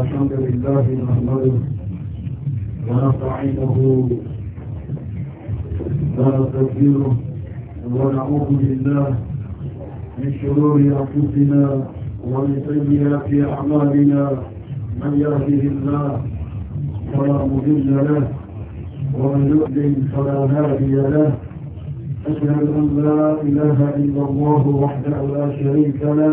الحمد لله نحمده ونستعينه ونستغفره ونعوذ بالله من شرور أنفسنا ومن سيئات أعمالنا من يهده الله فلا مضل له ومن يؤذن فلا هادي له أشهد أن لا إله إلا الله وحده لا شريك له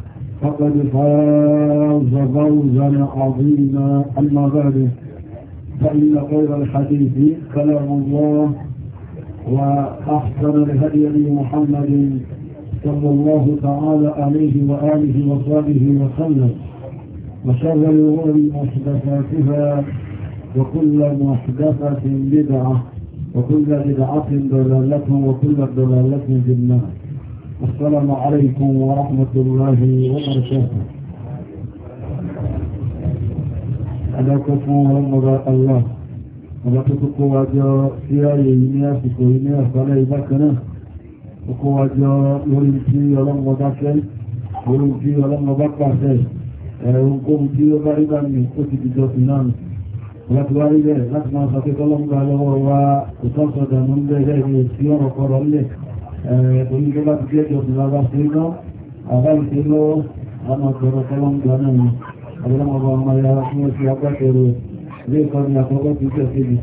فقد فاز فوزا عظيما أما بعد فإن خير الحديث كلام الله وأحسن الهدي محمد صلى الله تعالى عليه وآله وصحبه وسلم وشر الأمور محدثاتها وكل محدثة بدعة وكل بدعة ضلالة وكل ضلالة في النار السلام عليكم ورحمة الله وبركاته ألاكفوا ومضاء الله ألاكفوا وجاء سياري إنياسك وإنياس علي بكنا وقوا وجاء يرمتي ولم بكر يرمتي ولم بكر ونقوم بي وبعيدا من قتل جوتنان látìwárí bẹ́ẹ̀ láti máa sàfẹ́kọ́ lọ́mgbà lọ́wọ́ wa ìtọ́sọ̀dà ní ń bẹ́ẹ̀ Eh, torí tó bá ti jẹ́ ìjọsìn lábá sí iná àbá ìṣẹ́ lọ́wọ́ àmọ́ ọ̀tọ̀rọ̀ tọ́lọ́mùgbà náà ni àbúrọ̀mọ̀bà ọmọ ìyára tí wọ́n ti agbátẹrù ilé ìkọ́ni àkọ́kọ́ ti jẹ́ síbi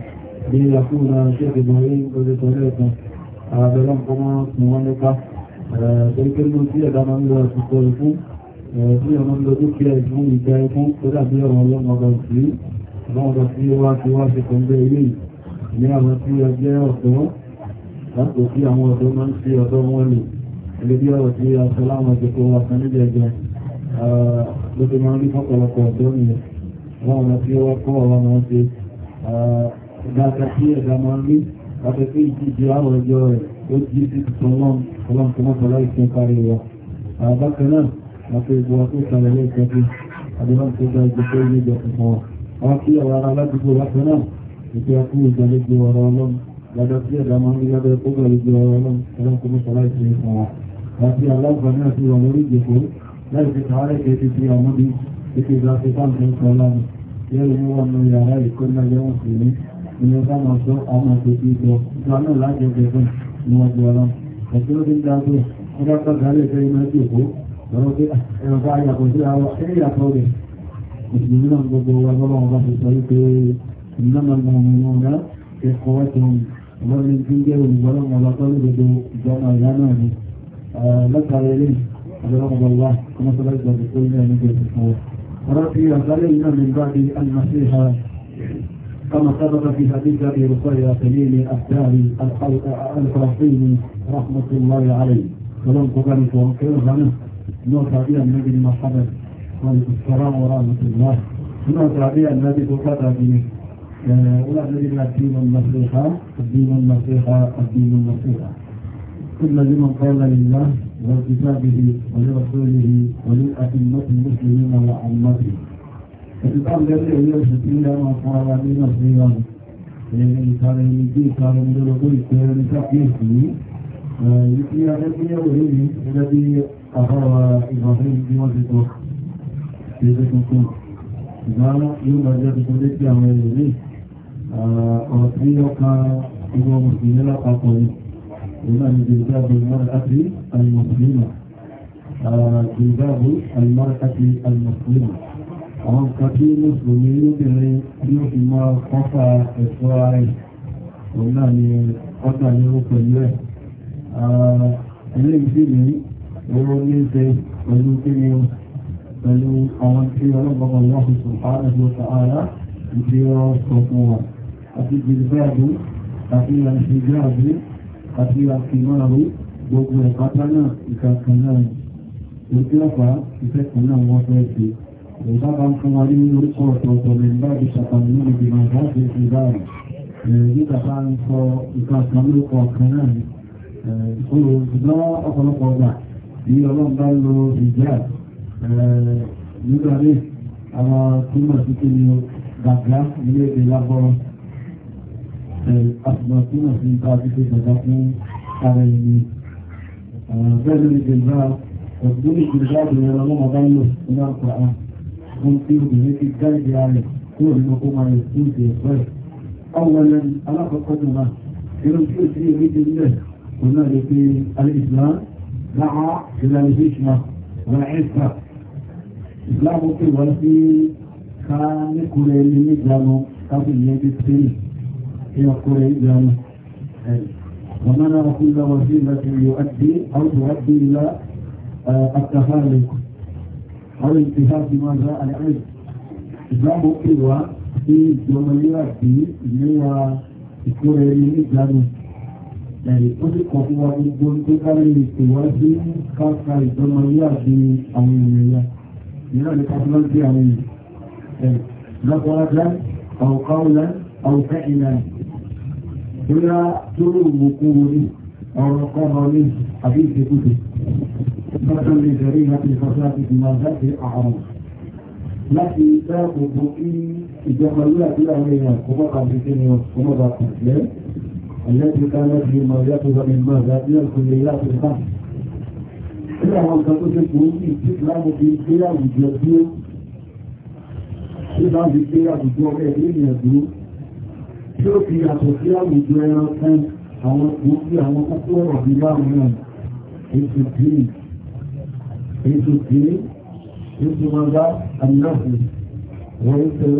bí àkúrò náà ṣe ìgbìmọ̀ orí ìgbòdè tọ́lẹ̀ ẹ̀kan àbẹ̀lọ́mọ̀kọ́mọ́ tí wọ́n nípa eh, torí pé ló sí ẹ̀dá máa ń lọ àsìkò ìfún eh, tí ọmọ ń lọ dúkìá ìfún ìjà ìfún tó dàbí ọ̀rọ̀ ọlọ́mọba òsì ọlọ́mọba tí ó wá ti wá ṣe kọ̀ńgbẹ́ ilé yìí ní àwọn tí a jẹ́ ọ̀pọ̀ láti tí àwọn ọ̀dọ́ máa ń fi ọ̀dọ́ wọn ni ilé bí ọ̀rọ̀ tí a sọ láwọn ìjọpọ̀ wa kan nílẹ̀ jẹ ló ti máa ń rí fọ́pọ̀lọpọ̀ ọ̀dọ́ nìyẹn wọn ọ̀nà tí ó wá kọ́ ọ̀rọ̀ wọn ṣe dáadáa tí ẹ̀dá máa ń rí láti ìdíje àwọn ẹjọ́ rẹ̀ ó jí sí tuntun wọn ọlọ́run tó mọ́tò láì fi parí wa bákan náà láti ìbò wa lọ́dọ̀ tí ẹ̀dá máa ń rí lábẹ́ tó bẹ̀rẹ̀ jọ ọlọ́run kó mọ́ sọ́lá ìṣẹ́ fún wa àti aláǹfà náà ti wà lórí ìjẹ̀kó láì fi tààrẹ̀ kẹ́ ti fi àmọ́dé ètò ìgbà fi fáǹfẹ́ ń sọ ọlọ́run yẹ́rù ní wọn ní yàrá ìkọ́ náà yẹ́wọ̀n sí ní ìyẹn bá máa sọ àwọn àti ti jọ ìgbà náà lájọ gẹ̀gùn níwájú ọlọ́run ẹ̀tí ó ti ń ومن ni lẹ́kàrẹ́ ilé ọ̀dọ́lọ́mọ ọba ọmọ tó lọ́jọ́ tó tó ní من بعد المسيح كما سبق في حديث أبي رقية سليم الداري الفلسطيني رحمة الله عليه ولم تكن توقير غنه نوصى إلى النبي محمد عليه السلام ورحمة الله نوصى إلى النبي تقدم آه، ولأبلغنا الدين النصيحة الدين النصيحة الدين النصيحة كل لمن قال لله ولكتابه ولرسوله وللأئمة المسلمين وعمته وعامته فالإسلام إيه، آه، الذي يرشد إلى ما قال من نصيرا يعني كان يجي كان يقول كان يفهم يجي الذي يوهمي الذي أخر إبراهيم في بوجهه في ذلك الكون قال يوم الذي تقول لك يا ọ̀rọ̀ tí ó kan ìwọ mùsùlùmí lápapọ̀ ni ìlú àmì jìrìdáàbò ìmọ̀rẹ́kàtì alìmọ̀sùlùmí jìrìdáàbò alìmọ̀rẹ́kàtì alìmọ̀sùlùmí àwọn nǹkan tí mùsùlùmí lóbìnrin tí ó fi máa kọ́fà ẹ̀ṣọ́ ààrẹ òun náà ni ọ́gbà ní ó pẹ̀lú ẹ̀ ilé ìsí ní oró àwọn tí ọlọ́gbọ̀n lọ́sùn sùn fáwọn ẹ̀ṣọ́ fún wọn àti jìlbáàbù àti àṣìjáàbù àti àkìmáàbù gbogbo ẹ̀pátá náà ìkàkàn náà ojú ọ̀pá ìfẹ́kùn náà wọ́n fẹ́ ṣe ìbá bá ń fún wa ní orúkọ ọ̀tọ̀ọ̀tọ̀ lẹ́gbàá bí ṣàtàlú ìgbìmọ̀ láti ìbáàrùn nígbà bá ń sọ ìkàkàn lórúkọ ọ̀kan náà olùdùnmọ́ ọ̀pọ̀lọpọ̀ ọgbà bí ọlọ́run bá lo ìjà nígbà míì àwọn túmọ̀ sí kí ni gàgá nílé ìdè àtùmọ̀ tí wọ́n fi ń bá wípé bàbá fún ara ẹni bẹ́ẹ̀ lórí ìgbà ọ̀gbọ́n ìgbà ìgbà ìrọ̀lọ́ ọba ń lò nínú àpá ohun tí obìnrin ti gáìdì ààrẹ kúrò nínú kó máa rẹ̀ fún ìdè ẹ̀kọ́ ẹ̀ ọwọ́ ẹlẹ́ni alákọ̀ọ́kọ́ tó máa irun tí ó sí èmi ti nílẹ̀ kò náà lè pe alìsìlám láhá ìlànà ìṣúná في مذكور الإمام ومنع كل وسيلة يؤدي أو تؤدي إلى آه، التخالف أو انتهاء بما جاء العلم إسلام بقوة في جمليات نوى مذكور الإمام قوة يكون تكالي توازي خاصة في أمينية يعني، لا قولا أو قولا أو فعلا bóyá lórí òmùkúrò ní ọ̀rọ̀ kọ́nà ní àbí ìṣẹ́kùtù fọ́tọ́ lè bẹ̀rẹ̀ láti fọ́tọ́ láti fi máa jáde àrùn láti dáàbò bo kí ìjọba lórí àdúrà àwọn èèyàn kó mọ́ kà sí kíni kó mọ́ bá kà jẹ́ ẹ̀yẹ́dì ká lọ́sí mọ̀ yàtọ̀ bá mi máa ọ̀sùn lè yàtọ̀ bá Kí àwọn nǹkan tó ṣe kò ń bí ìsìláàmù bí gbé àwùjọ dúró? tí ó fi yàtọ̀ sí àwùjọ ẹranko àwọn gbòógì àwọn kókó ọ̀rọ̀ bí láwọn náà èso kìí èso kìí èso mọ́gá àmìnáfù wọ́n èso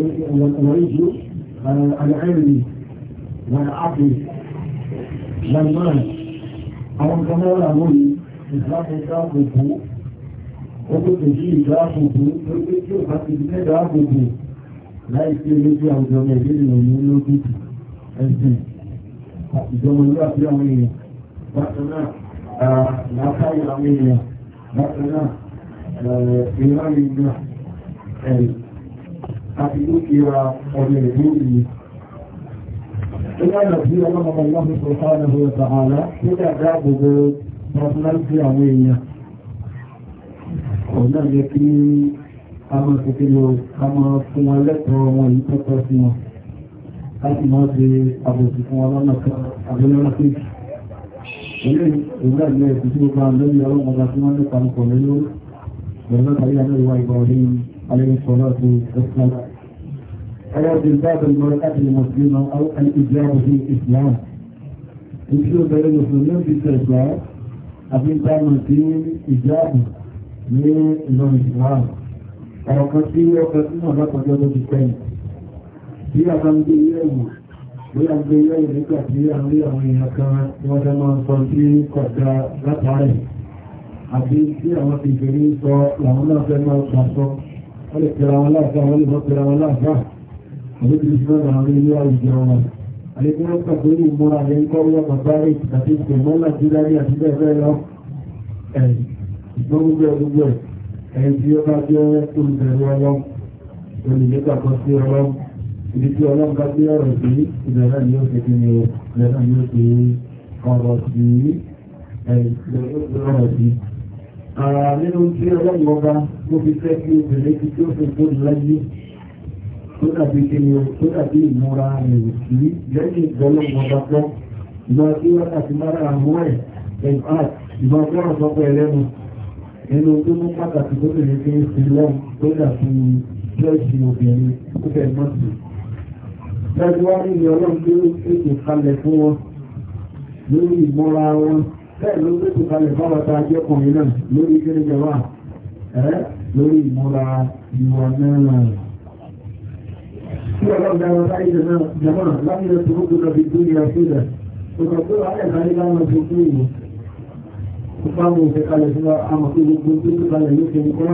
àlẹ́rìnì wọ́n eh, àpè lẹ́mọ́rẹ̀ àwọn kọmọ́rà lórí ìsáfẹ́ká gbogbo ọkọ̀ tẹ̀sí ìdáàbòbò lórí tí ó bá ti ní ìdáàbòbò láìsí olójú àwùjọ nàìjíríà ní ológun ẹ̀sìn ìjọba ìlú àti àwọn èèyàn bákan náà làákàyè àwọn èèyàn bákan náà ìlànà ìgbà ẹ̀rì àti dúkìá ọmọ ìlú yìí. Ìlànà tí ọlọ́mọmọ ìlànà tó sáà náà wọ̀ sàhálà tó dàgbà gbogbo pọ̀tùláńtì àwọn èèyàn. Ọ̀nà yẹ kí a máa ṣe kí lọ, a máa fún wọn lẹ́tọ̀ọ́ wọn yìí tọ́tọ́ sí wọn láti máa ṣe àbòsí fún ọlọ́nà àbẹ́lọ́nà kéèkì ilé ìgbà ilé ẹ̀kù tí ó bá lórí ọlọ́mọdá tí wọ́n nípa nípa lórí lọ́nà tàbí àmẹ́wà ìgbà orí alẹ́sọ̀rọ̀ àti ẹ̀sìnlá ọlọ́ ti bá bẹ̀rẹ̀ lọ́rọ̀ láti lè mọ̀sí náà àwọn ìjọba sí Islam ìṣí ó bẹ̀rẹ̀ mùsùlùmí ó ti tẹ̀ ẹ̀sà àfi dáàmù sí ìjáàbù ní ìlọ Islam ọ̀rọ̀ kan tí ọkọ̀ sínú ọ̀dọ́kọ̀jọ́ ló ti tẹ̀yìn bí a bá ń gbé ilé ẹ̀wọ̀n bí a gbé ilé ẹ̀wọ̀n nígbà tí a rí àwọn èèyàn kan wọ́n jẹ́ máa ń sọ sí kọ̀dá látàrí àti tí àwọn ti fèrè ń sọ làwọn náà fẹ́ máa gbà sọ wọ́n lè pẹ̀lú àwọn láàfáà wọ́n lè mọ́ pẹ̀lú àwọn láàfáà àwọn ti fi mẹ́rin àwọn ilé àwùjọ wọn àlejò wọn kà pé ìmúra rẹ̀ ń kọ́ wọ́n bàbá rẹ̀ àti ìpèmọ́ nàìjíríà ní àti bẹ́ẹ̀ bẹ́ẹ̀ lọ gbogbo gbogbo ẹ̀yìn tí ó bá jẹ́ olùbẹ̀rù ọlọ́m olùgbẹ́gbàgbọ́ sí ọlọ́m ibi tí ọlọ́run bá gbé ọ̀rọ̀ sí ìbẹ̀rẹ̀ ni ó ṣe kí ni ìbẹ̀rẹ̀ ni ó ṣe ọ̀rọ̀ sí ọ̀rọ̀ sí. nínú tí ọlọ́run ọba tó fi fẹ́ kí obìnrin ti tó fi tó láyé tó dàbí kí ni tó dàbí ìmúra ẹ̀rù sí lẹ́yìn ìgbọ́lọ́run ọba pọ́ ìgbà tí wọ́n àti mara àmú ẹ̀ ìgbà tí wọ́n sọ́kọ̀ ẹlẹ́nu nínú tó mú pàtàkì tó bèrè pé ìlọ́run tó dàbí jọ́ọ̀sì obìnrin tó fẹ́ mọ́sí tẹ́síwájú ni ọlọ́run tó ètò kalẹ̀ fún wọn lórí ìmọ́ra wọn bẹ́ẹ̀ ló ètò kalẹ̀ fáwọ́ta ajẹ́kùnrin náà lórí kéré jọba ẹ̀ lórí ìmọ́ra ìwà náà tí ọlọ́run dára sáyé náà jọba láti lọ sí gbogbo lọ fi tó ní àfihàn òkàtó àyẹ̀kárí láwọn tó kú ìwò tó bá mú ìfẹ́ kalẹ̀ fún wa àmọ̀ tó gbogbo tó kalẹ̀ ló ṣe ń kọ́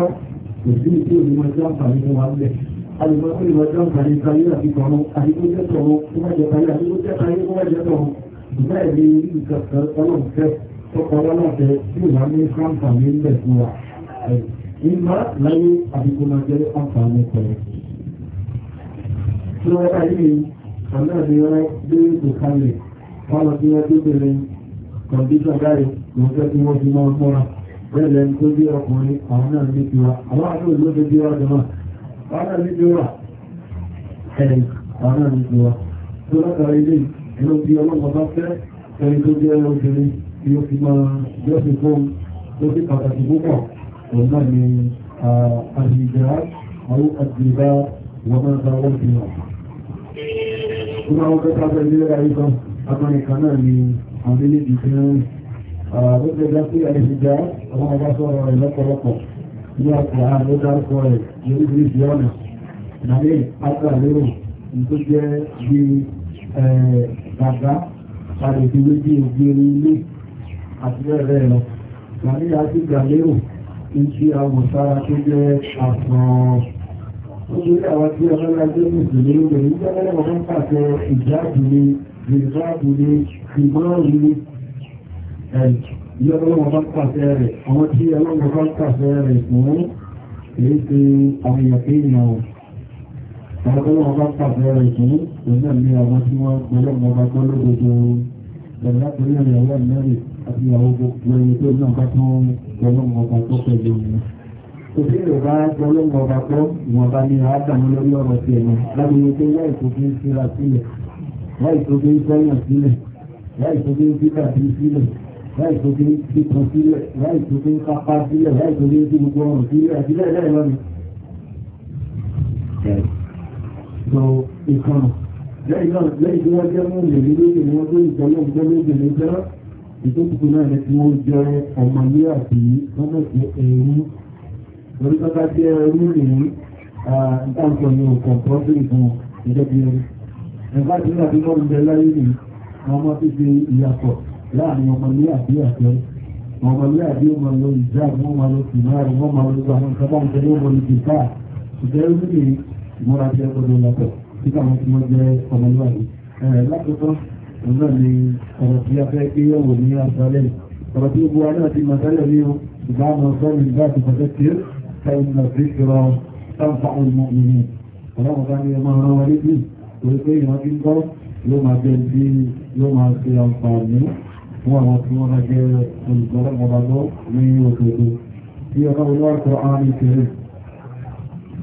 kò sí ìdí òní wọn tí wọ́n fà nínú wa bẹ́ẹ̀ alùpùpù ìwọ̀jọ́ ìpàdé ìpàdé àti tọ̀run àdíkú jẹ́ tọ̀run tó má jẹ parí àdíkú jẹ́ parí tó má jẹ tọ̀run ìgbà ìlú ìlú ìkẹ̀kẹ́ ọlọ́ọ̀fẹ́ tọkọ ọlọ́ọ̀fẹ́ tí ìwà ní fáǹfààní ń bẹ̀ fún wa ìgbà láyé àdíkú máa jẹ́ fáǹfààní pẹ̀lú. tí wọ́n bá yí ọ̀nà ni wọ́n dé ètò kalẹ̀ ọ̀nà níbi wà ẹ̀rìn ọ̀nà níbi wà tó látara ilé inú bí ọlọ́pàá bá fẹ́ ẹni tó jẹ́ obìnrin tí ó fi máa jọ́sí fún tó sí pàtàkì púpọ̀ òun náà ni àṣìjà àwọn àjìbá wọn máa ta wọ́n fi hàn tó máa wọ́n fẹ́ sáfẹ́ ilé ayé kan agbọ́nrin kan náà ni ń bó ti ní ọkọ̀ ààrẹ dárúkọ rẹ̀ ní oríṣiríṣi ọ̀nà ìdàlẹ́ ìpátá lérò tó jẹ́ bí gàgá àrètí méjì ògbèrè ilé àti bẹ́ẹ̀ lọ ìdàlẹ́ àti ìgbàlérò ní ti àwòsára tó jẹ́ àfọ̀ọ́ Oúnjẹ àwọn tí ọlọ́lájẹ́ mùsùlùmí lóbìnrin ń jẹ́ lẹ́wọ̀n fún pàṣẹ ìjáàbù ni, ìjáàbù ni, ìmọ̀ọ́rù ni, ẹ̀jù bí ọlọ́wọ́ bá pàṣẹ rẹ̀ àwọn tí ọlọ́wọ́ bá pàṣẹ rẹ̀ fún èyí tí àwọn èèyàn pé èèyàn àwọn ọlọ́wọ́ bá pàṣẹ rẹ̀ fún ìlú ní àwọn tí wọ́n gbọ́lọ́wọ́ bá gbọ́ lódodo pẹ̀lú àtúrí ẹ̀rẹ̀ ọwọ́ ni àádọ́mú lórí ọ̀rọ̀ ti ẹ̀mí lábúrú pé láì tó fi ń síra sílẹ̀ láì tó fi ń sẹ́yìn ń sílẹ̀ sílẹ̀ láì tó dé kíkan sílẹ̀ láì tó dé pápá sílẹ̀ láì tó dé sí gbogbo ọrùn sílẹ̀ àti bẹ́ẹ̀ bẹ́ẹ̀ lọ́nà. so ìkànnì lẹ́yìn tí wọ́n jẹ́ mú lèmi lórí ni wọ́n tó ìjọlọ́ ìjọ lórí ni jẹ́ ìtókùnkùn náà ni tí wọ́n jẹ́ ọmọ ilé àti lọ́nà sí ẹ̀rú lórí pápá sí ẹ̀rú nìyí ìtàǹkọ̀ ni ò kọ̀ọ̀kan sí ìfún ìjọba ẹ̀rú. ẹ̀fà tí wọ́n ti lọ́rùn bẹ láyé nìyí ọmọ tó ṣe ìyàtọ̀ láàrin ọmọlé àbí àjẹ́ ọmọlé àbí ọmọ lọ ìjáàbù wọn máa lọ sí máàrù wọn máa lọ gbà wọn sábà ń tẹlé ọmọ lójú ká ṣùgbọ́n ó ìmúra jẹ́ ọdún lọ́tọ̀ tí káwọn tí wọ́n jẹ́ ọmọlé àbí. lákòótọ́ náà ni ọ̀rọ̀ tí a fẹ́ gbé yẹ̀wò ní àṣálẹ̀ ọ̀rọ̀ tí gbogbo aná ti máa tẹ́lẹ̀ ní ìbámu sọ́ọ̀lù ìgbà ti fẹ́ kí táwọn náà fi kìrọ̀ sáǹfà ọmọ ìní ọlọ́run bá ní ọmọ ọ̀rọ̀ wọlé máa jẹ́ bí yóò máa ṣe àǹfààní fún àwọn tí wọ́n jẹ́ olùgbọ́lọ́gbọ́lọ́ ní òṣèlú tí ọlọ́wọ́ Al-Qur'an Karim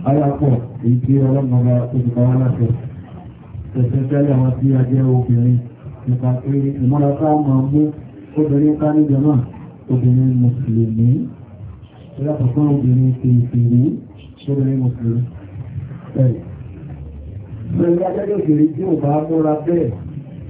ayapọ̀ èyí tí ọlọ́gbọ́lọ́ olùgbọ́lọ́ láṣẹ ẹ̀sẹ̀ tẹ́lẹ̀ àwọn tí a jẹ́ obìnrin nípa pé ìmọ́lọ́ta máa mú obìnrin ká ní jọmọ́ obìnrin mùsùlùmí lápapọ̀ fún obìnrin ti ìfìrí obìnrin mùsùlùmí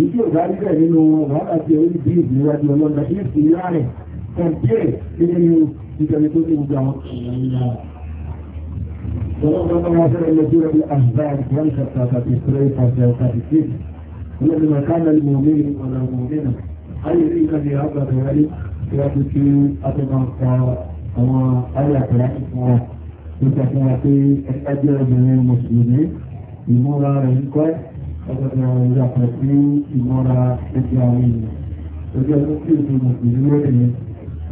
ìdí ọ̀gá níbẹ̀ nínú wàhálà tí orí bí ìwádìí ọlọ́dà ní ìsìnlá rẹ̀ kàdíẹ̀ nínú ìjọba tó ní gbogbo àwọn ọ̀rọ̀ ولقد ناصر الذين بالاحزاب ولقد كتبت كريم فسيكتب ولما كان المؤمن ولا مؤمنة أي ريك في هذا ذلك يبكي أتبقى وما أي أتلاقي وتكون في الأجر من المسلمين يمر على الكويت ọgbọ̀dọ̀ yàtọ̀ sí ìmọ̀ra ẹgbẹ́ àwọn ènìyàn lójú ọdún tí èdè mùsùlùmí lórí ni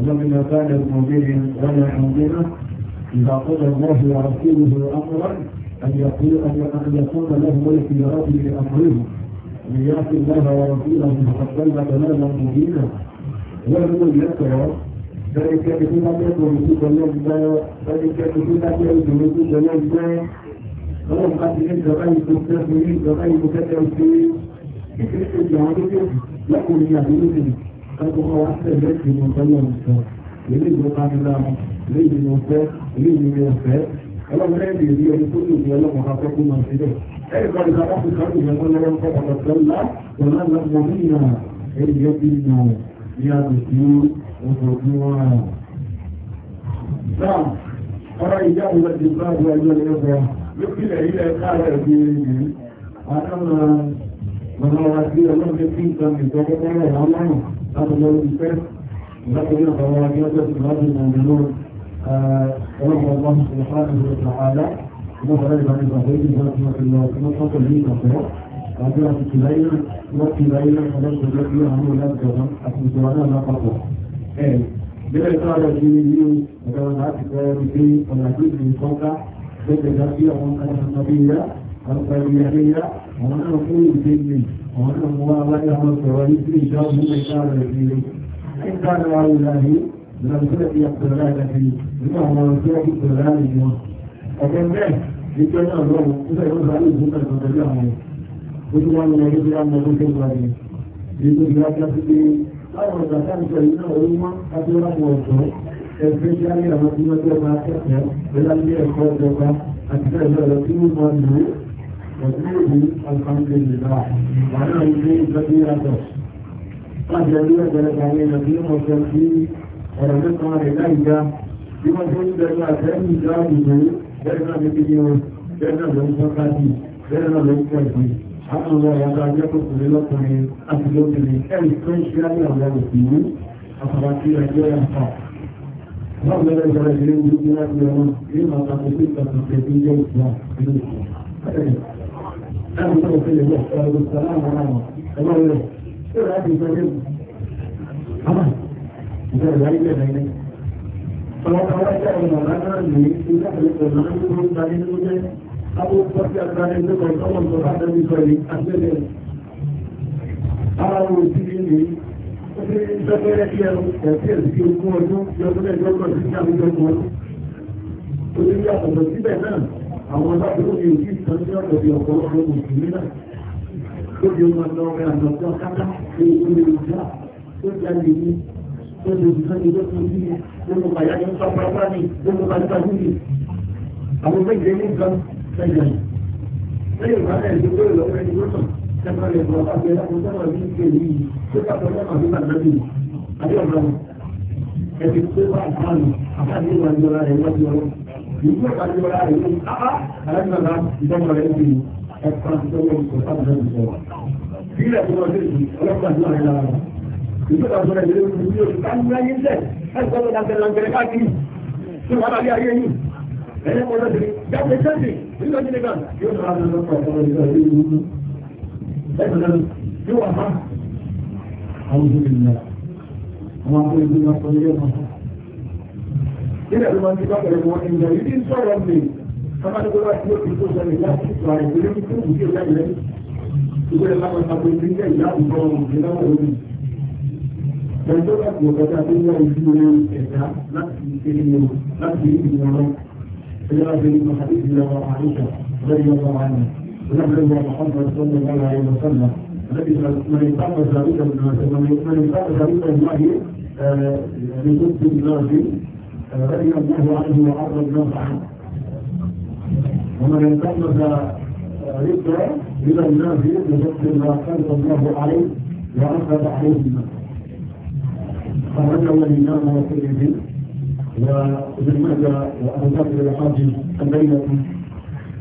ọlọ́mìnà bá lẹ́gbọ̀n obìnrin lọ́nà àgbẹ̀rẹ̀ إذا قضى الله ورسوله أمرا أن يقول أن يكون له ملك يرابي لأمره من يعصي الله ورسوله فقد ضل ضلالا مبينا ولم يكره ذلك كتب الله ورسوله ذلك كتب الله ورسوله láti ní ìjọba ìlú tẹ́sùn ní ìjọba ìlú tẹ́tẹ́ sí ìpínlẹ̀ ìjọ àwọn tó yẹ lọ́kùnrin àdúgbò ẹgbẹ́ wa tẹ̀lé ìmọ̀ tẹ́lẹ̀ ìsọ ilé ìlú kanilá ilé ìlú ọ̀fẹ́ ilé ìlú ọ̀fẹ́ ọlọ́run ẹ̀dì rí ẹni tó lè ní ọlọ́run afẹ́ kó máa sílẹ̀ ẹ̀rì kan ìgbà wọn fi sáré ìyẹn lọ́wọ́ ń kọ́ ọ̀dọ̀ tẹ́lá ọ̀nà lọ́wọ́ ní ìyá ẹ̀rì yẹn bí ìyá ní àmì tí oṣù tí wọ́n rà. Náà, ọ̀rọ̀ ìjà ìwé ti bá àwọn ẹgbẹ́ lókìlẹ̀ ilẹ̀ káàrẹ̀ bí i àtàmà ọmọ wa sí ọlọ́run tí ń kan ìtọ́kọ́kọ́rọ̀ ọlọ́run látọjọ́ ìfẹ́ látọjọ́ àwọn akẹ́kọ̀ọ́ ti láti ìrìnlọ́ ọlọ́run ọlọ́run subhanahu wa ta'ala وقال لك عن الزهرين ورحمة الله كما تفضل لي كفر وعندنا في كبير وفي كبير حضرت الذي يعمل لك جرم أحسن سوانا ما قطع بلا إطارة جيني وكما نعطي كواري في ونعطيك من صوتك gbogbo ìdájí àwọn ọmọdébíyà àpàlìyàríyà àwọn náà fún ìdíje àwọn náà mú aláyé àwọn sọ̀rọ̀ ìdí ìjọ́bù mẹ́ta rẹ̀ nílé ẹ̀ka rẹ̀ àwòránì lọ́sẹ̀ ti àpẹẹrẹ àgbàdì nínú àwọn ọ̀sẹ̀ ìpẹ̀rẹ̀ àrẹ̀ wọn ọ̀gẹ́ bẹ́ẹ̀ ìjọ náà lọ́wọ́ nígbà yóò bá lè dúpẹ́ ìtọ́jú àwọn ojú wọn lọ lórí àwọn ọmọ tó wà ní ètò ìgbà kan ti dé láwọn ọ̀gá sáà ń sọ ìlú náà orí mọ́ especially àwọn tí wọ́n jẹ́ máa kẹ́kẹ́ lẹ́lẹ́lẹ́ ẹ̀kọ́ ìjọba àti ẹ̀lọ́ ẹ̀lọ́ tí wọ́n máa lò pẹ̀lú ìlú alhamdulillah àwọn ilé ìjọba yàtọ̀ láti ẹ̀lú ẹ̀gbẹ̀rẹ̀ àwọn èèyàn tí wọ́n sọ sí ọ̀rọ̀ mẹ́ta rẹ̀ láìga bí wọ́n tó ń bẹ̀rẹ̀ àtẹ́yìn ìjọ àbùdó bẹ́ẹ̀ náà lókè ní wọn bẹ́ẹ̀ náà ló ń sọ káàdì bẹ́ẹ̀ náà ló ń pọ̀ sí àwọn ọmọ ìyàtọ̀ ajẹ́kọ̀ọ́kùnrin lọ́kùnrin àti lóbìnrin ẹ̀rí tó ń ṣe láyé àwọn òṣèlú àtàwọn tí ẹgbẹ́ ẹ̀fà Wọ́n bẹ̀rẹ̀ ìjọba ìṣẹ́lẹ̀ ìlú tí láti ọmọ ìrìnà àti ìpínlẹ̀ àti ìpínlẹ̀ ìjọba ìlú. Láàrín ìjọba ìṣẹ́lẹ̀ ìlú ọ̀pọ̀ ọdún sàlámù ọ̀nà ẹ̀mọ́ rẹ̀. Ṣé láti ìjọba ìlú? Àmà ìjọba ìlú ayé ẹ̀rẹ́ ilé. Ọlọ́pàá wáyé àwọn ọ̀nà náà ní ilé àpẹẹrẹ ọ̀nà tó ń ta nínú jẹ́ abúkọ́ sí àgbáyé lókọ̀ ìtọ́wọ̀n tó bá tẹ́lẹ̀ sọ pé àwọn alábòrò mi ò sí ìtàn ọ̀pọ̀lọpọ̀ mùsùlùmí náà. Tó di ọmọ ọ̀nà ọ̀rẹ́ àlọ́gbọ́n kátá ní ìlú Yorùbá tó jáde ní tó lè fi sọ́ni tó tún sí nínú bàyá pápápá ní nínú bàtà níbi. Àwọn méje ní gan sẹ́yìn. Lẹ́yìn ìgbà náà ìdíwọ́ ìlọ́pẹ́ ìdíwọ́ Ìjọba ìjọba ìlú ìlú ìta ní ayé jẹ́ ẹgbẹ́ ìdájẹ́ lọ́gbẹ̀rẹ̀ káàkiri tí wọ́n bá rí ayé yìí. Ẹ̀yẹ́ mọ́ lọ́dẹ̀ jáde jáde nínú ọdún nígbà yóò sọ àwọn ọmọ ọmọ ìjọba ìlú ìlú. Ẹgbẹ̀rẹ̀ yóò wà máa àwùjọ ìlú àwọn akọ̀wé ìlú náà sọ̀rọ̀ yẹn náà. Yẹ́nà ló máa ń dípá pẹ̀lú wọn ìgbà yìí tí ń sọ̀rọ̀ mi kámánigọ́lá tí ó ti tó sọ̀rọ̀ ìyá ìtò àìsí lórí tó kù sí ìyá ìlẹ́ ìgbẹ́ láwọn àgbè ní ilé ìyá ìjọ òkè láwọn òní. Ẹni tó bá ti wọ̀ kọjá tó ń wá ìlú الذي من اتقى ذلك من اتقى ذلك الله لصدق الناس رضي الله عنه وعرض الناس عنه ومن اتقى رضا الى الناس لصدق ما فرض الله عليه وعرض عليه الناس خرجه الامام والترمذي وابن مهدى وابو بكر الحاجي البينه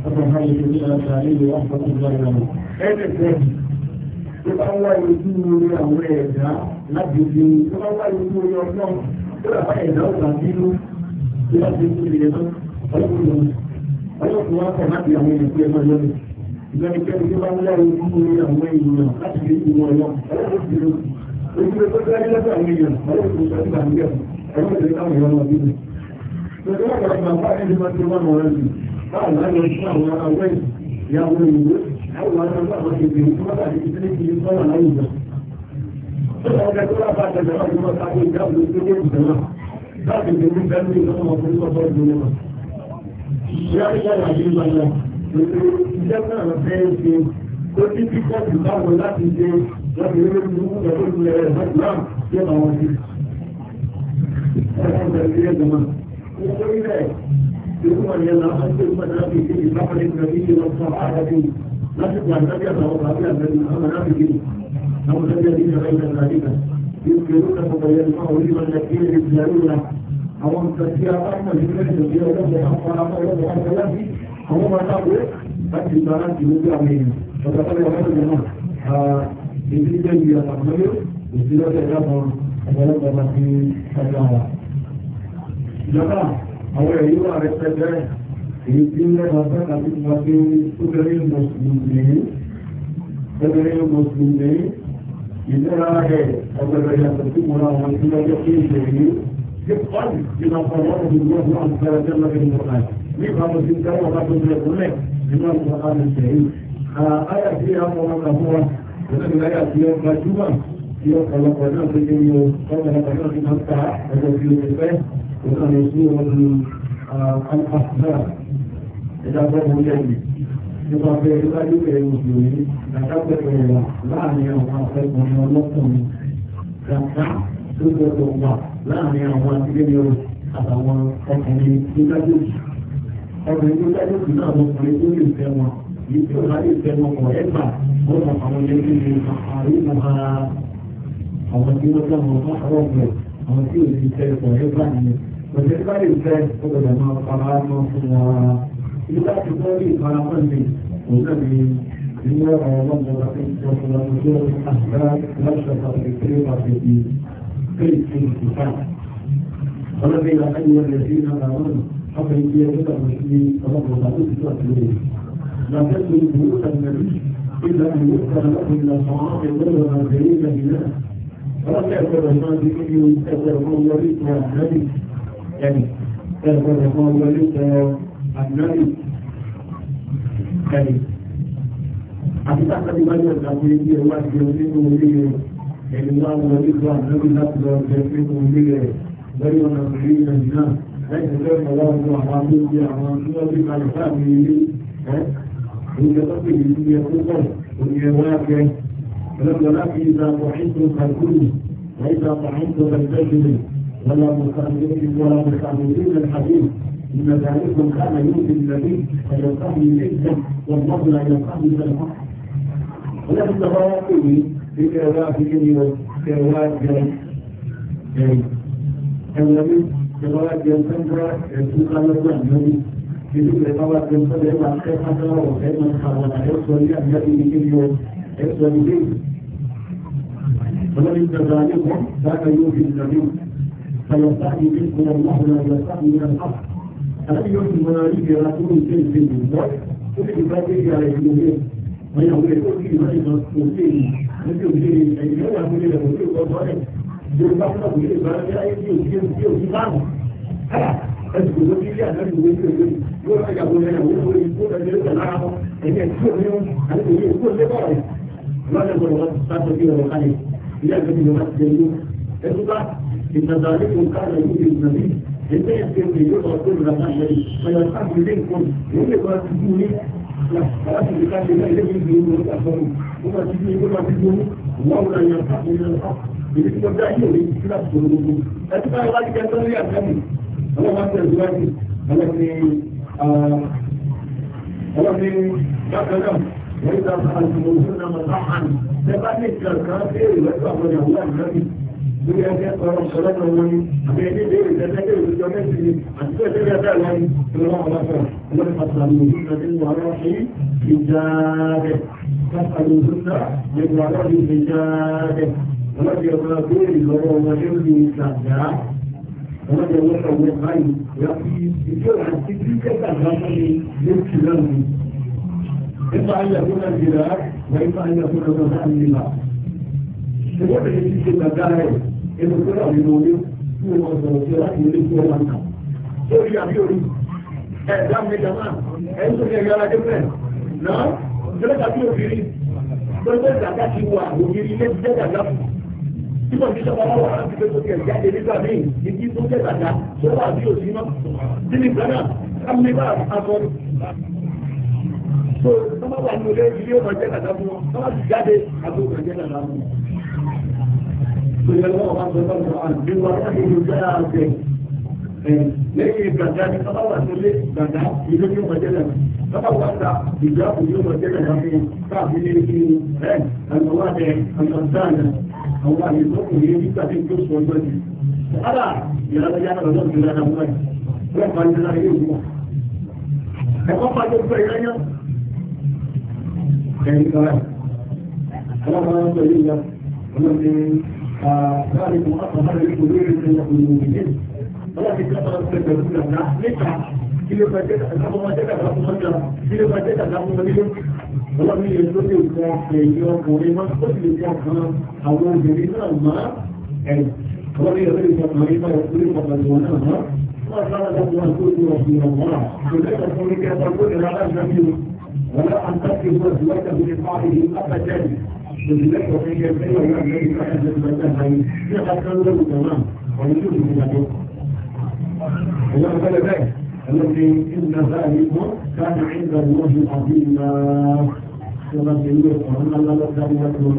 الرحمن بن الشعبي واحمد بن tó bá wá ojú orí àwọn ẹ̀dá láti fi tó bá wá ojú orí ọgbọ́n tó bá wá ẹ̀dá ọ̀gá bínú tó bá ti fi lè tán ọlọ́kùnrin ọlọ́kùnrin wọn kọ̀ láti àwọn èèyàn pé ẹ̀fọ́ lọ́nà ìgbẹ́nikẹ́ni tó bá wá ojú orí àwọn èèyàn láti fi ìwọ̀n ọlọ́kùnrin ọlọ́kùnrin ojú orí tó dájú lọ́sọ̀ àwọn èèyàn ọlọ́kùnrin tó ti bà ń bẹ̀rù ọlọ́kùnrin táwọn èèyàn àwọn ọmọ àwọn ìgbè ní wọ́n tàbí ìpínlẹ̀ ìlú sọ́nà láyìnbó. Ó sọ ọ̀gá tó wà bá àtàgbà láti wọ́n tàbí ìjáàbò tó dé ìgbè náà. Báàbì ìgbè ní bẹ́ẹ̀ ní ìlú ọmọ fún ọgbọ́n ìgbè náà. Ìyá ìyá ìyàgbé ń bá lọ. Ìjẹ́ náà lọ fẹ́ ṣe ó ti fi pọ́ọ̀tù báwo láti ṣe láti rí lórí ìlú pẹ̀lú ìlú ẹ̀rẹ̀ náà yẹ́ bá wọn sí. Ẹ̀rọ ìgbàlódé ẹ̀gbọ́n. Nítorí bẹ́ẹ̀, ìlú wọn yẹn lọ, wọ́n lásìkò àtàbí àtàwọn àbí àbẹ̀lú àwọn arábìgì àwọn tàbí àdínà ẹ̀rọ ìrìnàdínà bí ó kéré kan kọ̀kọ̀ yẹn fún àwọn onímọ̀ ilẹ̀ kí ẹ̀rọ ìrìnàdínà rà àwọn nǹkan tí a bá mọ̀ nínú ẹ̀sìn bí ọlọ́pọ̀ àwọn arábọ̀ ọlọ́pọ̀ láti àwọn máa dábò láti gba láti lójú àwọn èèyàn ọ̀gá tó lè wọ́n tó jẹun èyí jẹ́ ìyá àtàkùnlé òsì lọ́sẹ̀ dábọ̀ ọ̀pọ̀lọpọ̀ láti ṣàjọ àwọn ìjọba àwọn ẹ̀yí wà rẹ̀ pẹ̀lẹ́ Ìgbésílẹ̀ bàbá àti ìgbàgbé obìnrin Mùsùlùmí, obìnrin Mùsùlùmí, ìlera rẹ̀ ọgbẹ̀rẹ̀ yàtọ̀ sí mọ́ra wọn tí lọ́jọ́ pé ìṣèlú, tí ó ń ìlọ́pọ̀ wọn ti wọ́n fún àwọn ìgbàlẹ̀ lọ́gbẹ̀rẹ̀ mọ́ra. Ní ìbámu sí ń tẹ́wọ́ bá tó bẹ̀rẹ̀ fúnlẹ̀ nínú àwọn àwọn ìṣèlú. Àyà tí a mọ̀ wọn kà fún wa, ìlú ìlàyà tí ó gbajúmọ̀ tí الأحزاب إذا بدأوا nípa pé lájúkẹ̀ òṣèlú àtàkùnkẹ̀ rẹ̀ láàrin àwọn akẹ́kọ̀ọ́ ọlọ́kùnrin kàkà tó gbọdọ̀ wà láàrin àwọn akẹ́kọ̀ọ́ àtàwọn ọkùnrin tó lájòjì. ọkùnrin tó lájòjì náà lọkùnrin tó lè fẹ́ wọn yìí tó bá fẹ́ wọn kọ̀ ẹ́gbà wọ́n mọ àwọn ilé tí mo àárí mo àwọn tí wọ́n dáhùn fún àwọn ọ̀gbẹ̀ àwọn tí ò pẹ̀lú bá lè fẹ́ ọgbọ̀dọ̀ máa fara mọ́ fún wọn nígbà tí wọ́n lè fara mọ́ mi òun náà ni ní ọ̀rọ̀ ọlọ́run ọba tó ń sọ fún wọn tó àṣìlá láṣọ pàtàkì tí ó pàtàkì di péèkì ìfà ọlọ́bí ìlànà ìwọ̀n lè fi náà ọkọ̀ ìgbé ẹgbẹ́ tó ń fi ọlọ́run ọba tó ti tó àtìlẹ́yìn لكن بيوت النبي إلا أن يذكر لكم إلى صعاب غير نازلين بنا فلم يأكل الناس إن يذكر من يريد النبي ẹni ẹgbẹ̀rẹ̀ kan wọlé tẹ àdínárì ẹni àti tàbí wáyé ọ̀gá pé kí ẹ wá jẹ nínú orí rẹ̀ ẹni wá wọlé tó àdínárì láti lọ jẹ nínú orí rẹ̀ lẹ́yìn ọ̀nà orí nàìjíríà lẹ́yìn lẹ́yìn ọ̀wọ́ ọ̀dọ́ àwọn agbóhùn àwọn tí wọ́n ti kalẹ̀ káàkiri ilé ẹ́ ìjọ tó pè ní ilé ẹ̀kọ́ pọ̀ òní ẹ̀wọ́ àgbẹ̀ ẹlẹ́gbẹ̀rẹ́ láti ìta ولا مستخدمين ولا مستخدمين الحديث إن ذلكم كان يؤذي النبي فيلقاه الإثم والفضل يلقاه الحق ولكن تفاوته في قراءته وقراءات النبي النبي في ذكر قراءات الفجر مع الشيخ حتى لو كان من خرج يصل إلى النبي ولكن ذلكم كان يؤذي النبي فيستحي منكم الله لا يستحي من الحق أيما يكون شيء في الله يجب أن يجعل المهم ويقول كل شيء مسؤولين يجب أن بمداركم كان يقول النبي إذا يمكن أن يقرأ كل رمضان فيرحم إليكم يقول ما تجوني لحظات بكاتب إليه يقولون الأخرون وما تجوني وما تجوني ولا يرحم من الحق بالنسبة لدائما لإسلام سلوككم أتبع ذلك أنه يأتمني أنا ما أنت أزواجي ولكن ولكن بكرة وإذا سألتموهن مطعا فقد ذكر كافر وإذا أخرجه الله النبي lórí ẹgbẹ́ ọ̀rọ̀ ìṣọ́lọ́pọ̀ wọn ni àbí ẹgbẹ́ ìbéèrè ìtẹ́tẹ́kẹ́ ìròjọ mẹ́sìn ni àti bẹ́ẹ̀ tẹ́lẹ̀ bẹ́ẹ̀ lọ ni ìrọ̀lọ́ ọ̀lọ́fẹ́ ọlọ́rin pàtàkì òjò náà nínú àwọn ṣe ìjà rẹ̀ pàtàkì òjò náà nínú àwọn ṣe ìjà rẹ̀ ọlọ́rin ọ̀gá béèrè lọ́wọ́ wọn ṣe ń fi ìtàjà ọlọ́rin ọlọ́rin ọ̀gá báyìí láti ìjọ àti kíkẹ́kẹ́ àgbáfẹ́ ni lókè lọ́nà nípa ayé àkókò àjẹrà wọ́n nípa ayé àkókò àjẹrà ṣùgbọ́n bẹ̀rẹ̀ ti ṣe gbàgbá rẹ̀ ètò tó rà nínú orí fún ọmọ sọ̀rọ̀ sí láti ilé tí wọ́n máa ń kà. Sórí àbí orí ẹ̀dá mi jàmá ẹ̀yìn tó ní ẹ̀yọ́ ara dẹ́fẹ̀ náà ìjọba bí obìnrin gbogbo ìdàgbà ti wà ògiri ilé jẹ́ dàgbà fún. Tí wọ́n ti sọ́kọ́ wọ́n wà láti tó kẹ̀ jáde nígbà míì ní kí tó jẹ́ dàgbà tó wà bí òsì mọ́. Dínì gbọ́nà kámẹ́bà akọ So, tọ́ba wà ní ilé ilé ọmọ jẹ́ dàgbà fún wọn, tọ́ba ti jáde àbúrò jẹ́ dàgbà fún wọn. Lẹ́yìn ìgbàjá ní tọ́lá wà nílé ìgbàjá ìlú ní ọmọ jẹ́lẹ̀ rẹ̀. Tọ́lá wà ta ìjọ àpò ní ọmọ jẹ́lẹ̀ rẹ̀ fún káàkiri ní kí rẹ̀ àgbàwà rẹ̀ àgbàdáàrẹ̀ àwọn àyè tó kù ní nígbà tí ó sọ ọjọ́ ni. Tọ́lá ìrànlọ́jà náà lọ́dọ̀ ìlú lára wọ́n yìí. Wọ́n máa ń jẹ́ láyé òun. Ẹ̀kọ́ pàdé gbẹ̀ ìrẹ́yàn. Ẹ̀yìn kan rẹ̀. Ọlọ́run máa ń sọ ذلكم أطهر لقلوبكم وقلوبهم ولكن كثرت تدبرون نحنك kilo bàjẹ́ta àtàwọn bàjẹ́ta àtàwọn mọ́jà kilo bàjẹ́ta àtàwọn mọ́jà wọ́n ní èso lè kọ ẹ̀yìn ọkùnrin máa ó sì lè kọ kan àwọn obìnrin náà máa ẹ̀yìn wọ́n ní èso lè kọ ọkùnrin máa ó sì lè kọ ọkùnrin náà máa wọ́n sára láti wọn tó ní ọkùnrin ọ̀wọ́n ìgbésẹ̀ fún mi kẹta tó lè rárá ìdájọ́ wọn láti àtàkì wọn ìwádìí اللهم صل ذلك الذي ان ذلك كان عند الله عظيما كما يقول ان الله كان يقول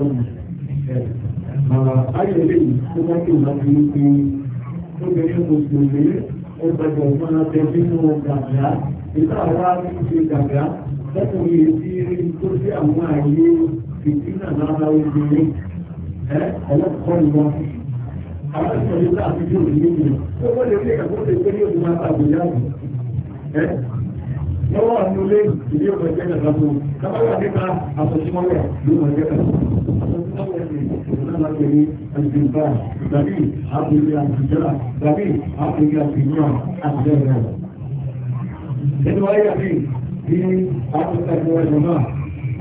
ayé lè tó bá kí ìlànà yìí fi tó bẹ̀rẹ̀ mùsùlùmí ó gbàgbọ́ fún ọ̀tẹ̀ nínú gàgà ìta àwọn àti ìṣe gàgà lẹ́kùnrin èyí tó sí àwọn àyè fìtínà lára obìnrin ẹ ọlọ́pọ̀ ìwọ àwọn ìṣòro tá a fi dúró ní ìlú tó wọ́n lè rí ẹ̀kọ́ tó gbé ní ojú máa tàbí yàgò ẹ lọ́wọ́ àtúnlé ìdí ọ̀pọ̀ ẹgbẹ́ ìjọba tó kábàlá nípa àtọ̀símọ́wẹ̀ ló mọ̀ ẹgbẹ́ kan àtọ̀símọ́wẹ̀ ìṣòro náà pè ní àjùbá tàbí àpèjì náà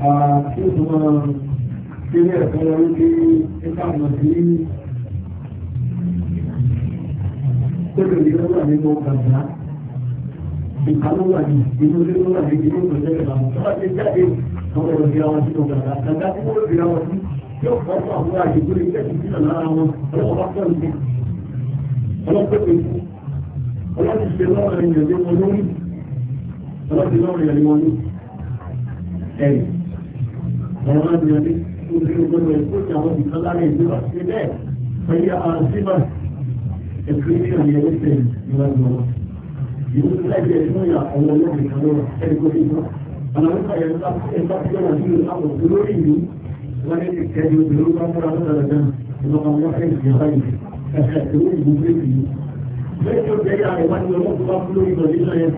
tí ó tó máa kéré ẹ̀kọ́ lọ wípé ẹgbà mọ̀ sí pẹ̀lú ìrọ́lá nínú ọgbàgbà ìkálówà ní inú lérọ́lá ní inú ìpẹ̀lẹ̀ ìbàmù àwọn àbìyànjú oṣù gbogbo ìkóòtù àwọn ìkan lára ìlú àti bẹ́ẹ̀ pẹ̀lú àwọn síbà ẹ̀kọ́ ní ọ̀nà ẹlẹ́sẹ̀ ìwádìí wọn. Ìwé láìpẹ́ ẹ̀sùn ìyá àwọn ọlọ́run kan lọ́wọ́ ẹ̀kọ́ ìgbà. Àwọn ẹ̀ka ẹ̀ka tí wọ́n ti lò àwọn olórí ìlú wọ́n ní ìkẹ́jú obìnrin bá múra lọ́dọ̀ lọ́dọ̀ ìlọ́mọ wọn fẹ́ ìjìn báyìí. Ẹ̀ka ìwé ìlú bẹ́ẹ̀ yìí. Bẹ́ẹ̀ tó bẹ́ẹ̀ yà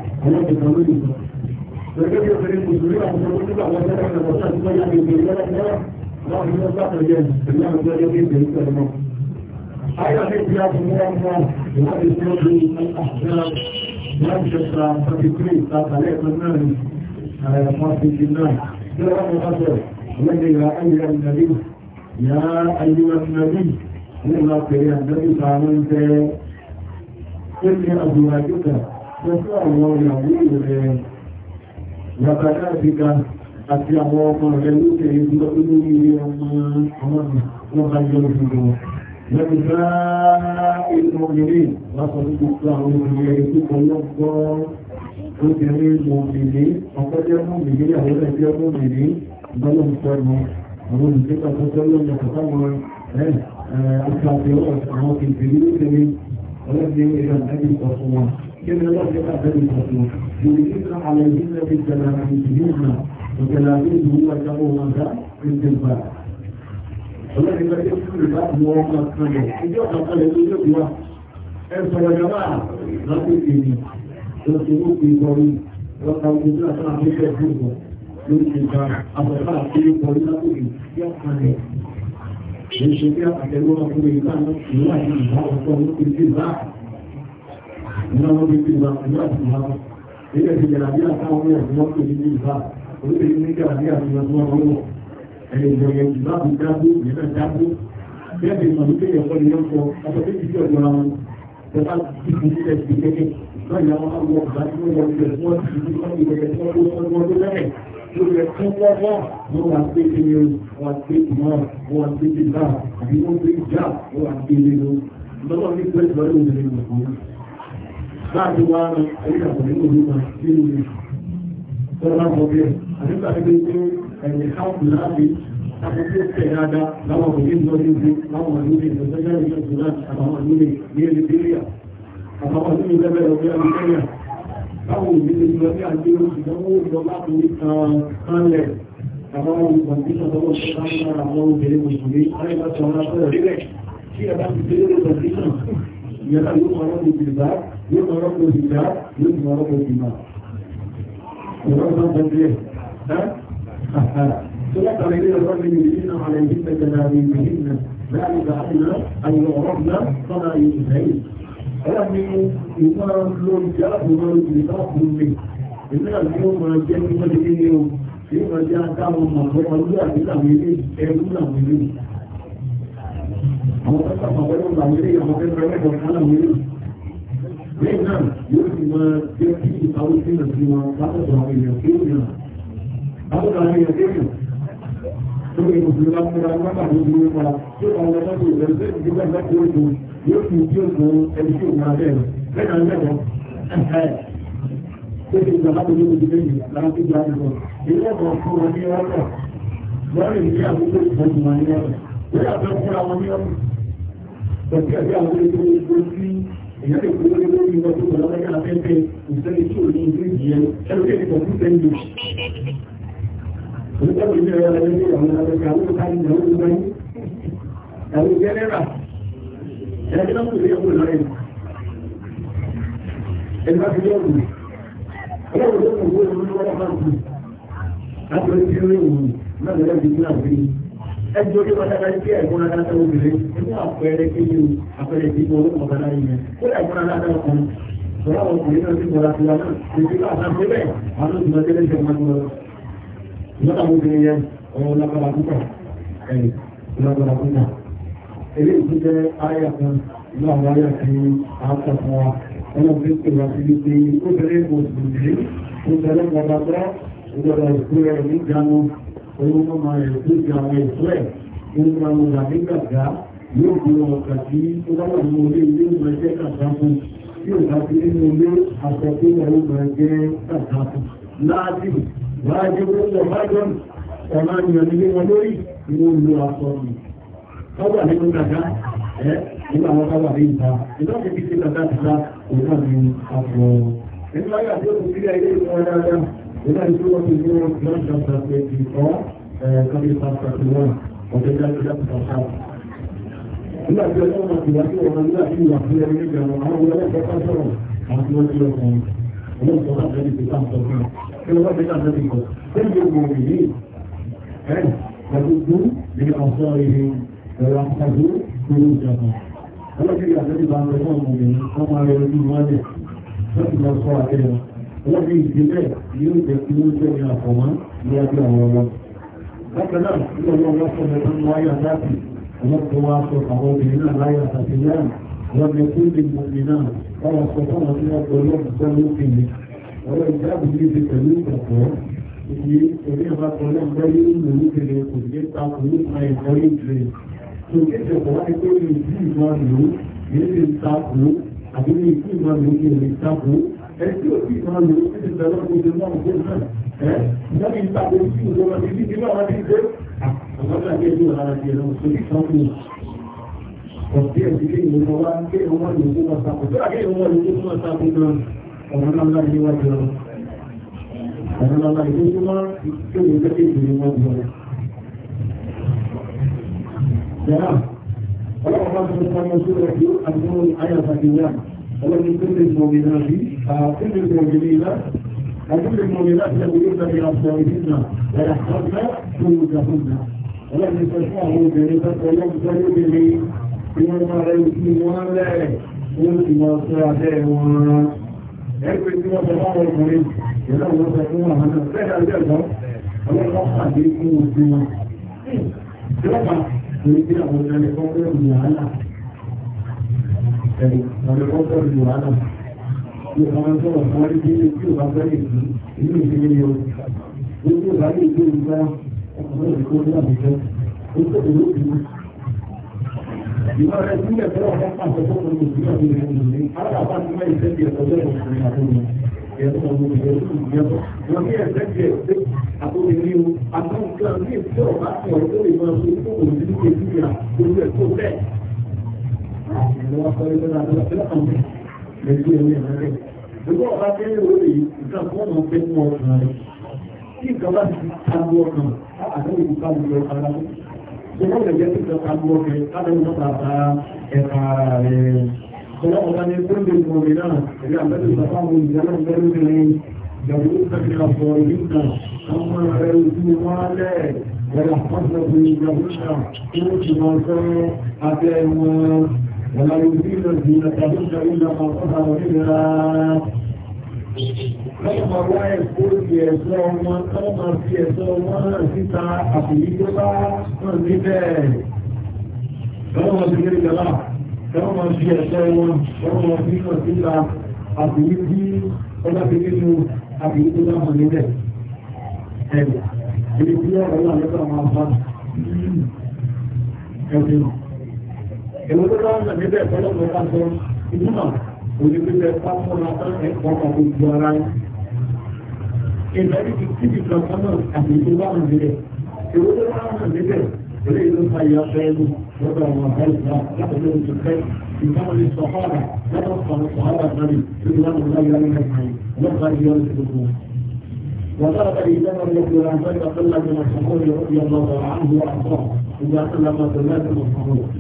gẹ́gẹ́ bí obìnrin mùsùlùmí àwọn ọmọ nígbà wọn tẹ́lẹ̀ ní ọ̀sán tó yá ní ìgbè lọ́wọ́ láwọn ilé ọgbà tó yẹ ìlú àwọn ọjọ́ ní ìgbè ìgbè mọ́. Àyà ní ìgbé àwọn ọmọ ọmọ ìwádìí tí ó di Manchester thirty three ìtàkàlẹ̀ ẹ̀kan náà ní àyàfọ́ fifty nine. Bí wọ́n mú wáṣọ lẹ́nu ìyá ayélujára nàbí ìyá ayélujára nàbí ní ìlà pẹ̀lú àjọyọ̀ ìtàwọn jẹ́ Kéde àbúrò àjọkà, wọ́n fún àwọn ìyàwó rẹ̀ ràbàkàtìkà àti àwọn ọmọ rẹ̀ lókè ìgbọ́ olórí ọmọ ọmọ wọn bá yọ òṣèlú wọn lẹ́nu bá inú obìnrin lásán ní gbogbo àwọn obìnrin ẹni tó kọ lọ́gbọ́n obìnrin mọ̀mìnì ọ̀pọ̀ jẹ́ mọ̀mìnì àwọn ẹgbẹ́ mọ̀mìnì ìbálòm sọ́nù àwọn olùdókà tó tọ́lọ́ yàtọ̀ táwọn كما رفق بنتكم يريدن عليهن بجلابيبهن وجلابيبه وجههن من جلباب Ọlọ́rin lọ yóò fún ìgbà mú ọmọ kanlẹ̀, ìjọ́ àkọlẹ̀ tó yóò wá. Ẹ sọ̀rọ̀ jọba láti ìrìn, lọ sí ó fi ìbọrí, lọ́ta ojú àti àpẹẹrẹ fún ìbọn, lórí ìgbà àpẹẹrẹ àti ìbọrí láti ìrìn, yóò kanlẹ̀. Èṣe bí àpẹẹrẹ wọn fún ìgbà náà, ìwà ìgbà ọ̀pọ̀ ló fi ìlú àwọn ọmọdé ti máa ní àti ìhà ilé ti yàrá bí àtàwọn ọmọ ẹ̀sìn wọn pè ní ìhà orílẹ̀ ní yàrá bí àti ìhà tó wọn wọ̀ ẹ̀yẹ ìjọyẹ ìgbà bí dágbó ìyẹn dágbó bẹ́ẹ̀ bí mọ̀ nípa ìyẹn kọ́ni yẹn sọ ọkọ̀ tó ti fi ọ̀dọ̀ ara wọn tẹ́lá ti fi ilẹ̀ ti kéke báyìí àwọn àwọn ọ̀gá tí wọ́n ti rẹ̀ wọ́n ti fi wọ́n ti rẹ̀ wọ́n tó wọ́n wọ́n tó lẹ́rẹ̀ lórí láti wá àríkàtà nínú olúmọ nínú rẹ̀ tọ́lá ọ̀gbẹ́ àríkà ẹgbẹ́ pé ẹ̀yìn káàkùn láti àkókò tẹ̀ dáadáa láwọn òní lọ́dúnjú láwọn àlúlé ìgbẹ̀sẹ̀gbẹ̀ ìjọsùn láti àbáwọn àlúlé ní ẹlẹ́bíríà àbáwọn àlúlé lẹ́bẹ̀ ọ̀gbẹ́ àlúkẹ́yà láwọn òní lè lọ sí àgbé oṣù tọ́wọ́ òjò láti ní kanlẹ̀ àbáwọn olùgbàmíṣà tọ́wọ́ sí káńtà àwọn obìnrin mùsùlùmí láì yóò mọ̀ rọ́pò ìjà yóò mọ̀ rọ́pò ìmọ̀ ọ̀rọ̀ náà bọ̀ díẹ̀ tó látàrí ilé ọ̀rọ̀ mi nìyí nínú àwọn ẹ̀yìn tẹ̀tẹ̀lá mi nìyí nà láàrin ìgbà àìná àyè ọ̀rọ̀ náà sọ́nà ayé ìrẹ́yìn ọ̀rọ̀ mi ìmọ̀ lórí jáàbù lórí ìgbà fún mi ìmọ̀ àti ó máa jẹ́ kí wọ́n ti ní o yóò máa jẹ́ akáwọn mọ̀ pé ọdún àti làwọn ilé ẹrú làwọn ilé àwọn tó sàpàwọ́ lọ́wọ́ làwọn ilé àwọn fẹ́ lẹ́yìn yóò fi mọ bí kí ìpawó sí ìrìn sí wọn látọ̀dọ̀ àwọn èèyàn tí ó yàn látọ̀dọ̀ àwọn èèyàn tí ó yàn tó lè mọ̀sùn bá múra nígbà tó dúró pa tó bá wọn lọ́tọ̀ ìrẹ̀lẹ̀ tó ti gbà láti ó dùn yóò fi tí ó dùn ẹni tí ó máa bẹ̀rẹ̀ lẹ́yìn náà lẹ́wọ̀ tó ti gbà láti ó dùn lẹ́yìn lára tó gbà lọ ilé èyàn lè kó lórí lórí lọ tó lọ lọ́yà afẹ́fẹ́ ìsẹ́lẹ̀ tí ò ní ìlú ìyẹn ẹlòmíì ní kọ̀ọ̀tún tẹ́ ń lò sí. onígbàgbé ní ọ̀rọ̀ ẹgbẹ́ ní àwọn abẹ́kẹ́ àwọn ìtàkì ní àwọn ìgbà yìí àwọn jẹ́nẹ́rà ẹgbẹ́ náà kò lè kó lọ́rẹ̀ ẹgbẹ́ fi yọ̀ lù ọlọ́run ló kò wọ́n lọ́wọ́ ẹjọ́ tí wọ́n dára sí ẹ̀gbọ́n adájọ́ obìnrin ní àpẹẹrẹ kéyí o àpẹẹrẹ tí mo lọ́pọ̀ bá láyé yẹn ó lè ẹ̀gbọ́n adájọ́ kan bọ́lá ọkùnrin náà sí bọ́lá ti wá náà lè fi láàbá síbẹ̀ àwọn olùdó tẹ́lẹ̀ jẹ́ máa ń lọ lọ́tà obìnrin yẹn ọ̀rọ̀ lágbára púpọ̀ ẹ̀yìn lágbára púpọ̀ èyí tó jẹ́ àyà kan ní àwọn àyà tí a ń wọn fi pẹ̀lú wọn máa rẹ̀ tó ju àwọn ìfọ́ ẹ̀ nínú àwọn ìgbàgbé gàgá yóò gbé wọn kà sí tó bá wà nínú ilé ilé ìmọ̀ ẹgbẹ́ kàkà fún tí ò bá ti nínú ilé àṣọ tó wà ó máa jẹ́ kàkà fún láàbì láàjẹ́ ó wọ̀ bájọ́n ọ̀nà ìyàn ilé wọn lórí ni ó lo aṣọ mi. wọ́n wà nínú gàgá ẹ̀ nígbà wọn bá wà ní ìta ìlọ́ọ̀kì ti ti gàgá ti ta òun náà ni àpò ẹgbẹ́ àgbà tó kù sílẹ̀ ilé ìwọ̀n dáadáa Nígbà tí wọ́n ti mú John chapter twenty four kọ́bí chapter twenty one ọ̀dẹ́ jáde láti sàkà. Nígbà tí ọjọ́ wọn ti wá sí wọn nígbà tí ìwà fún ẹni nígbà wọn àwọn ọmọ ẹgbẹ́ kan sọ̀rọ̀ àti wọn ti lọ sọ ọmọ ìsọ láti ẹni tó sáà sọ fún un. Kí ló wọ́n ti ká sẹ́ni kọ? Ṣé ìwé ìwé òbí yìí? Ẹ pẹ̀lú gbú ní ọ̀sọ́ ìrìn ẹ̀rọ àpàdé nínú ìjọba. Ọlọ́dún ìyàtọ̀ ti bá ń lọ fún ọmọ lẹ́yìn ìdílé yóò jẹ́ kí ó jẹ́ ní àfọ̀mọ́ ní ẹgbẹ́ àwọn ọmọ. Bákan náà, ní ọjọ́ ọjọ́ fún mi tó ń wáyà láti wọ́n tó wá sọ àwọn obìnrin náà láyà àti yáà wọ́n lè kú ní mọ̀mí náà wọ́n sọ fún àwọn tí wọ́n gbọ́ lọ́wọ́ tó ló fi mi. Ọ̀rọ̀ ìjáàbù ní ti pẹ̀lú ìgbàgbọ́. Ìdí èmi àbá kan náà lọ́yé nínú ìkéde kò sí ta kò ní ma ẹ̀kọ́ yìí tire. Tòkè ìjọba wáyé pé mi ì tí ò ń sọ ọmọ sí ọjọ́ àti ọmọ ayàtàkì ọlọ́run tó lè mọ̀ mi náà rí كل المؤمنين وكل المؤمنات يؤمنون بأبصارهن ويحفظن فروجهن ولم تشاهوا جنبا ويغفروا به يوم يؤتمون له يؤتمون صلاحهن Ẹgbẹ́ tí wọ́n tọ́lá wọn ọkùnrin, ìlànà ọ̀sẹ̀ fún àwọn ọmọ ẹgbẹ́ ẹgbẹ́ ẹ̀dọ́, ọlọ́pàá pàdé fún ojú wọn. Ìjọba kò ní kí àwọn ọ̀sẹ̀ lè kọ́ pẹ́lú ìwàhálà. Ẹ̀rù, àwọn ọ̀sẹ̀ lè wàhálà ìfọ̀rọ̀ tó wà fún ọdún tí ó bá fẹ́rẹ̀ ìlú ìsinmi ni ó ní tí ó bá rí ìgbé ìgbà ọ̀pọ̀ ìkó ní àbújá ó tó ìlú ìlú ìwọ̀n rẹ̀ sílẹ̀ tó lẹ́gbẹ́ orí ìrẹ́lẹ̀ gbogbo ọba tẹ́lẹ̀ orí nǹkan fún ti tàbí ọkàn àtàwọn ìbùkà lọ ara ẹ̀ka ara rẹ̀ gbogbo ọba ní tó lè mú omi náà èyí àbẹ́lẹ̀ ìsọ̀fà mú ìyálà ìbẹ́lẹ̀ rẹ̀ ìjọba ó fẹ́ fi kàfọ́ ìgbà ọmọ rẹ̀ ojú wọn lẹ̀ Ẹ̀rọ àpapọ̀ ìgbàlódà tí ó ti máa sọ́rọ̀ abẹ́ wọn ولا يزيد زينتهن إلا من ظهر منها Lọ́pọ̀ wá ẹ̀kọ́ ti ẹ̀sọ́ wọn tó máa fi ẹ̀sọ́ wọn náà síta àfìyí tó bá náà níbẹ̀. Kọ́wọ́n máa fi lé ìjọba, kọ́wọ́n máa fi ẹ̀sọ́ wọn, kọ́wọ́n máa fi náà síta àfìyí tí uma fi nínú àfìyí tó bá náà níbẹ̀. Ẹ̀rù, ibi tí ọ̀rọ̀ náà lọ́pọ̀ máa fa ẹ̀sìn náà èwo tó dáhùn náà níbẹ̀ tọ́lọ́pọ̀ ká sọ ìdúnà onípẹ́pẹ́ pápọ́nà tán ẹ̀kọ́ ọkọ̀ ju ara yìí. ìdarí ti tíbi kankan náà àti ètò bá wọn níbẹ̀ èwo tó dáhùn náà níbẹ̀ eré ìlú fa ìyá fẹ́ẹ́lú lọ́dọ̀ àwọn àbáyìlá látọ̀dọ̀ oṣù fẹ́ ìdáwọlé sọ̀hárà látọ̀ sọ̀rọ̀ sọ̀hárà lórí ìdíwọ́n ọ̀la ìyá nígbà kan lọ́pàá ìyá ní gbogbo وضرب الإمام الذي لم يقل من الصحور رضي الله عنه وأرضاه ìgbà tó lápá tó láti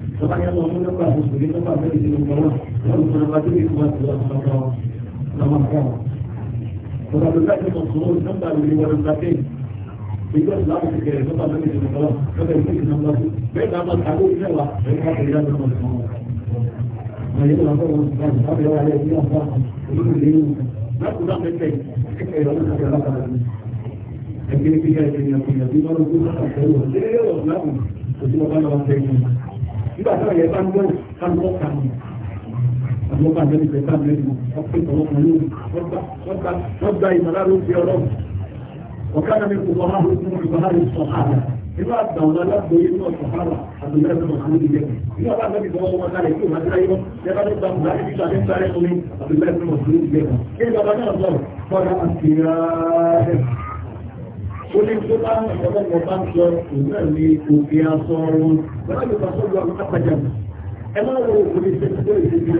mọ̀ òtún ọba náà ń bẹ nígbà tí ọ̀yẹ́ bá ń gbọ́ káńtọ́ kàmù àwọn ọba àgbẹ̀ ìgbẹ́ bá bẹ̀rẹ̀ mọ̀ ọ̀pẹ́ ìtọ́lọ́pọ̀ ní wọ́n gba ìmọ̀lá ló ọlọ́run ọ̀ká náà ní kò bọ́ máa ń fún ìbára ìsọ̀ ààrẹ nígbà àgbà wọn alágbóyè ní ọ̀sán fáwọn àdúgbò ẹ̀sán ọ̀sán níbi yẹn nípa rẹ̀ fún mi kí ni bàbá náà sọ̀rọ̀ ó ní tó bá ń ọlọ́pọ̀ bá ń sọ ìgbà ní òkè aṣọ wọn bọ́lá yóò bá sọ́jọ́ àwọn apájà ẹ máa wọ òkúni sẹ́kítọ́ ìdíje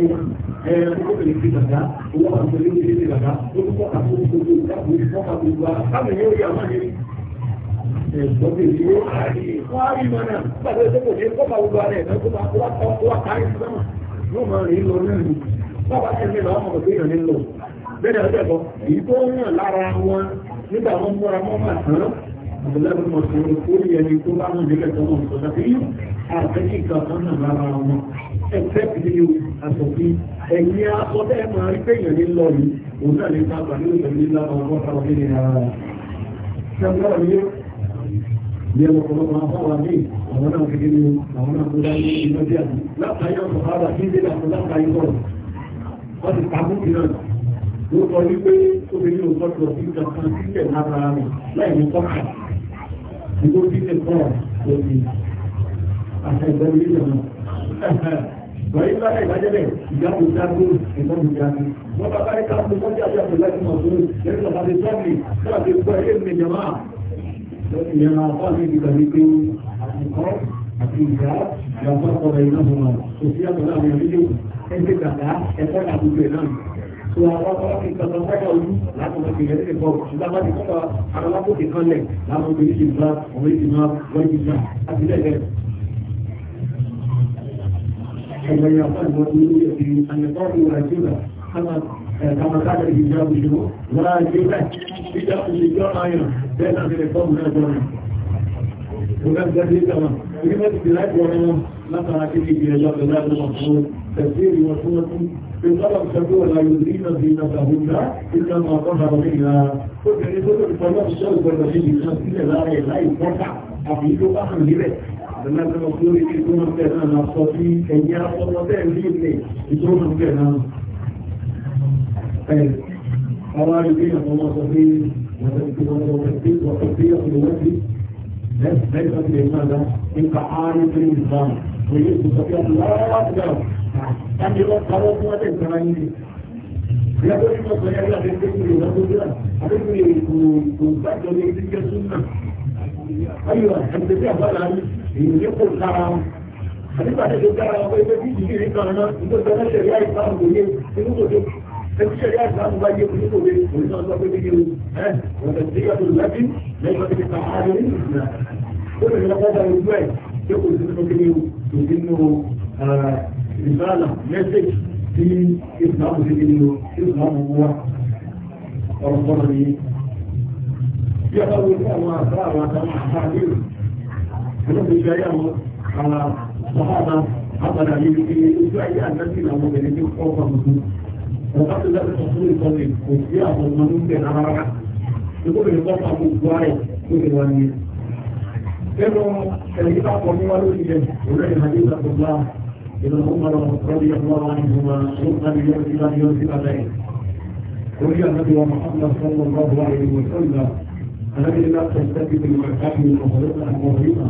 ẹ ọkùnrin ti bàbá owó àti oníṣẹ́ ti bàbá ó ń fọ́ àti oníṣẹ́ ìdáàbò ìfọ́ka gbogbo a káàmì yóò yà máa ní ẹ̀gbọ́n mi yóò rí wọ́n á rí wọn náà gbàgbé tó kò ní fọ́ka gbogbo ara ẹ̀ lọ́kọ́ máa wá kọ́ wá kárí nígbà wọn múra mọ́ máa tán àbúlẹ́bùn mọ̀sùlùmí kó rí ẹni tó bá mọ̀ nílẹ̀ tó mọ̀ sọ̀tà fi yí àtẹ́kì kankan náà lára wọn ẹgbẹ́ ìdílé àtọ̀bí ẹ̀yìn asọ́tẹ́ máa rí pé èèyàn ní lọ yìí òun náà lè ta àgbà nínú ìlú ní lára wọn kọ́ta wọn ní ara rẹ̀ ṣẹ́gbọ́n ní ní ẹmọ ọ̀pọ̀lọpọ̀ afọ́wà ní àwọn náà fi nínú àwọn náà tó dá ní ìlú ọdí àti látàáyọ̀ sọ̀rọ̀ ló sọ wípé obìnrin ò sọ́tọ̀ sí kankan sílẹ̀ lára rẹ̀ láì ní tọ́ka ìgbó títẹ̀ kọ́ òbí àti ìgbẹ́rù ilẹ̀ náà Bọ̀yí bá ìbájẹ́lẹ̀ ìjábò jágbó ìbọn ni. Wọ́n bá bá ìka fún ọjọ́ àti àpò láti mọ̀ fún lẹ́yìn ọ̀pá ti tọ́ọ̀lì tó àti gbọ́ ilé mi jẹ̀má. Ìyẹn máa fọ́ mi ìgbà wípé àtìkọ́ àti ìgbà ìgbà fọ́ ọ̀rọ̀ ìnáwó náà. Kò sí àpò láàrin ẹgbẹ́ gàdá ẹ̀fọ́ àtúgbò tó àwọn ọlọ́pàá ìtọ́jú sáyà ojú láti wọ́n ti rẹ̀ bọ̀ ṣùgbọ́n bá ti kọ́ta àwọn alábòkè kan lẹ̀ láwọn obìnrin ti gba òwe ti máa wọ́n ti gbà àti bẹ́ẹ̀ bẹ́ẹ̀. ẹgbẹ́ yà fún àwọn ọdún ní ẹ̀sìn àyẹ̀kọ́ ìwà ìjọba kama kada ìjọba ìṣòro wọ́n á jẹ́ bẹ́ẹ̀ ìjà òṣèjọ́ ayọ̀ bẹ́ẹ̀ náà ti rẹ̀ fọ́ọ̀mù náà jọ مثلا كيف يجاب ذات المنصور تسير وسنة بطلب سبوة لا يدرين زينتهن إلا ما ظهر منها فكرة كل طلب الشرط والرشيد الشخصية لا لا يتوقع حقيقة أهم لبيت لما المنصور يكون مكانا نفسي كي يأخذ وطعم ليبني يكون مكانا أرى يدين الله صفير وتنكبه وتنكبه وتنكبه وتنكبه لبيك لماذا؟ انت عارف الاسلام ويجب تستطيع الله اكبر كان يقول قرار قوة الزمانية يقول لك يا الله بالذكر يقول لك حبيبي كنت لذكر السنة ايوه انت فيها بلد يقول حرام حبيبي هذا الكلام ويبقى في شيء كلام انت تنشر يا اسلام ويجب ẹgbẹ́ yà ìsìlámù bá yé kúrò lórí òṣìṣẹ́ ọjọ́ pé níbi ẹ̀ ọ̀rẹ́ tí yàtọ̀ lẹ́bí lẹ́gbẹ́ tí kìtà ààrẹ ní ìsìlá ó lè lọ́pọ̀ bá ojú ẹ̀ tí kò sí nínú kíni kò sí nínú ìsìlámù mẹ́sẹ̀jì tí ìsìlámù sí kíni ìsìlámù wá ọ̀rọ̀ sọ́nà ní. bí a bá wo sí àwọn àṣà àwọn àtàwọn àṣà àdéhùn olóògbé ìgbà yà wọn àwọn sọ́hánà àbàdà yìí ní ojú ayé àdájì làwọn obìnrin tí kọ́ bàbá tó dábẹ́ sọ fún ìkọlẹ̀ kò sí àwọn ọmọ ní ìgbẹ̀ náà rárá nígbà tó lè kọ́ àwọn òkú ààrẹ tó lè wà nìyẹn. Ẹnu ẹ̀rí bá kọ́ ní wá lórí ẹ̀ òrẹ́ ìhàdí ìgbàgbọ́gbà ìlànà ọmọ rọ̀bì ọmọ wa ní ìgbìmọ̀ tó ń tàbí yọ sí láti yọ sí lábẹ́ ẹ̀. Orí àgbàdo wa Màhàmà sọ́nà ọgbà wa ìlú ìsọ́nà alágbèrè láti ẹ̀sẹ̀ ti bẹ̀rẹ̀ káàkiri ọ̀pọ̀lọpọ̀ àwọn ọ̀rẹ́ta.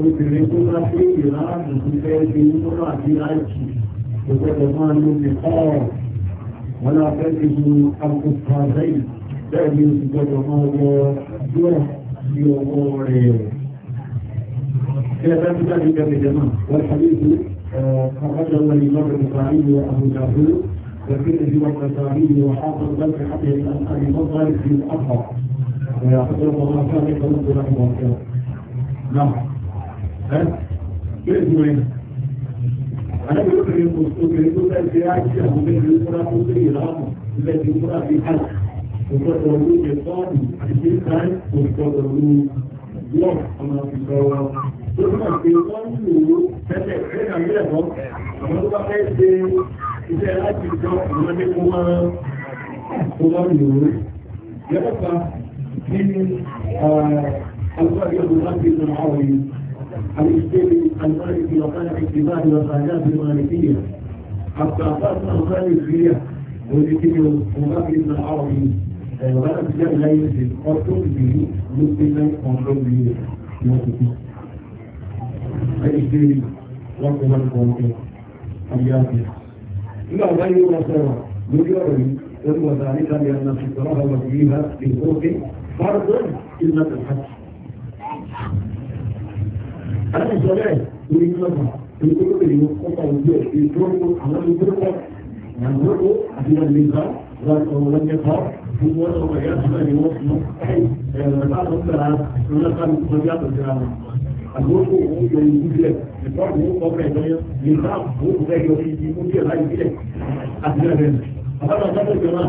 Obìnrin tó bá fẹ́ ìlànà àdùnkú fẹ́ ṣe àti láìkì, kò gbọdọ̀ máa lo nìkan ولا تجد القصاصين تجد في أموره كيف ذلك بالجماعة والحديث خرجه أبو البخاري وأبو في وقت والنسائي وحافظ بن حتى الأنصاري مصدر في الأخر ويحضر الله كان يقول رحمه الله نعم ها؟ كيف àlejò obìnrin kò obìnrin tó fẹ́ ṣe ájì àwọn obìnrin fúnra tó ṣe ìlànà ilẹ̀ tí fúnra fi hàn kò gbọdọ̀ ló fọ́ọ̀nù àti ṣáì kò gbọdọ̀ ló ọmọ ìṣọ́ wa. tó túmọ̀ pé wọ́n ń lò ó tẹ́lẹ̀ fẹ́ àmì ẹ̀kọ́ àwọn tó bá fẹ́ ṣe iṣẹ́ láti jọ àwọn ní kó máa kó máa lò ó. yẹ́pọ̀ pa nínú àwọn àgbàdo الاجتماعي المالكي وقال الاجتماع والخلاف المالكية حتى قام المالكية والاتماع ومغرب العربي آه، جاء لا يجب قرطون به مسلما قرطون به الاجتماعي وقوم القرطون أياته لا غير مصر مجرد وذلك لأن فطرها وفيها بظروف فرض إلا الحج àwọn ìṣọ́ bẹ́ẹ̀ ní ìlú ọ̀gá ní kókó lè mú ọkọ̀ ojú ẹ̀ ní tó kó àwọn ojú ọkọ̀ ìyàwó kó àti ìyàwó ìgbà wọn sọ wọn jẹ kọ́ fún wọn sọ wọn yẹ kọ́ ní wọn fún ẹ̀rọ bá lọ sọ̀rọ̀ àwọn ọlọ́pàá ní kọjá àtọ̀jọ́ àwọn àgbókò òun yọ ìlú bílẹ̀ ìtọ́ òun kọ́ bẹ́ẹ̀ lọ́yọ́ nígbà òun bẹ́ẹ̀ yọ ìdí mú bíẹ̀ láì bílẹ̀ àti ẹ̀rẹ̀ àbájá sábẹ̀ jọba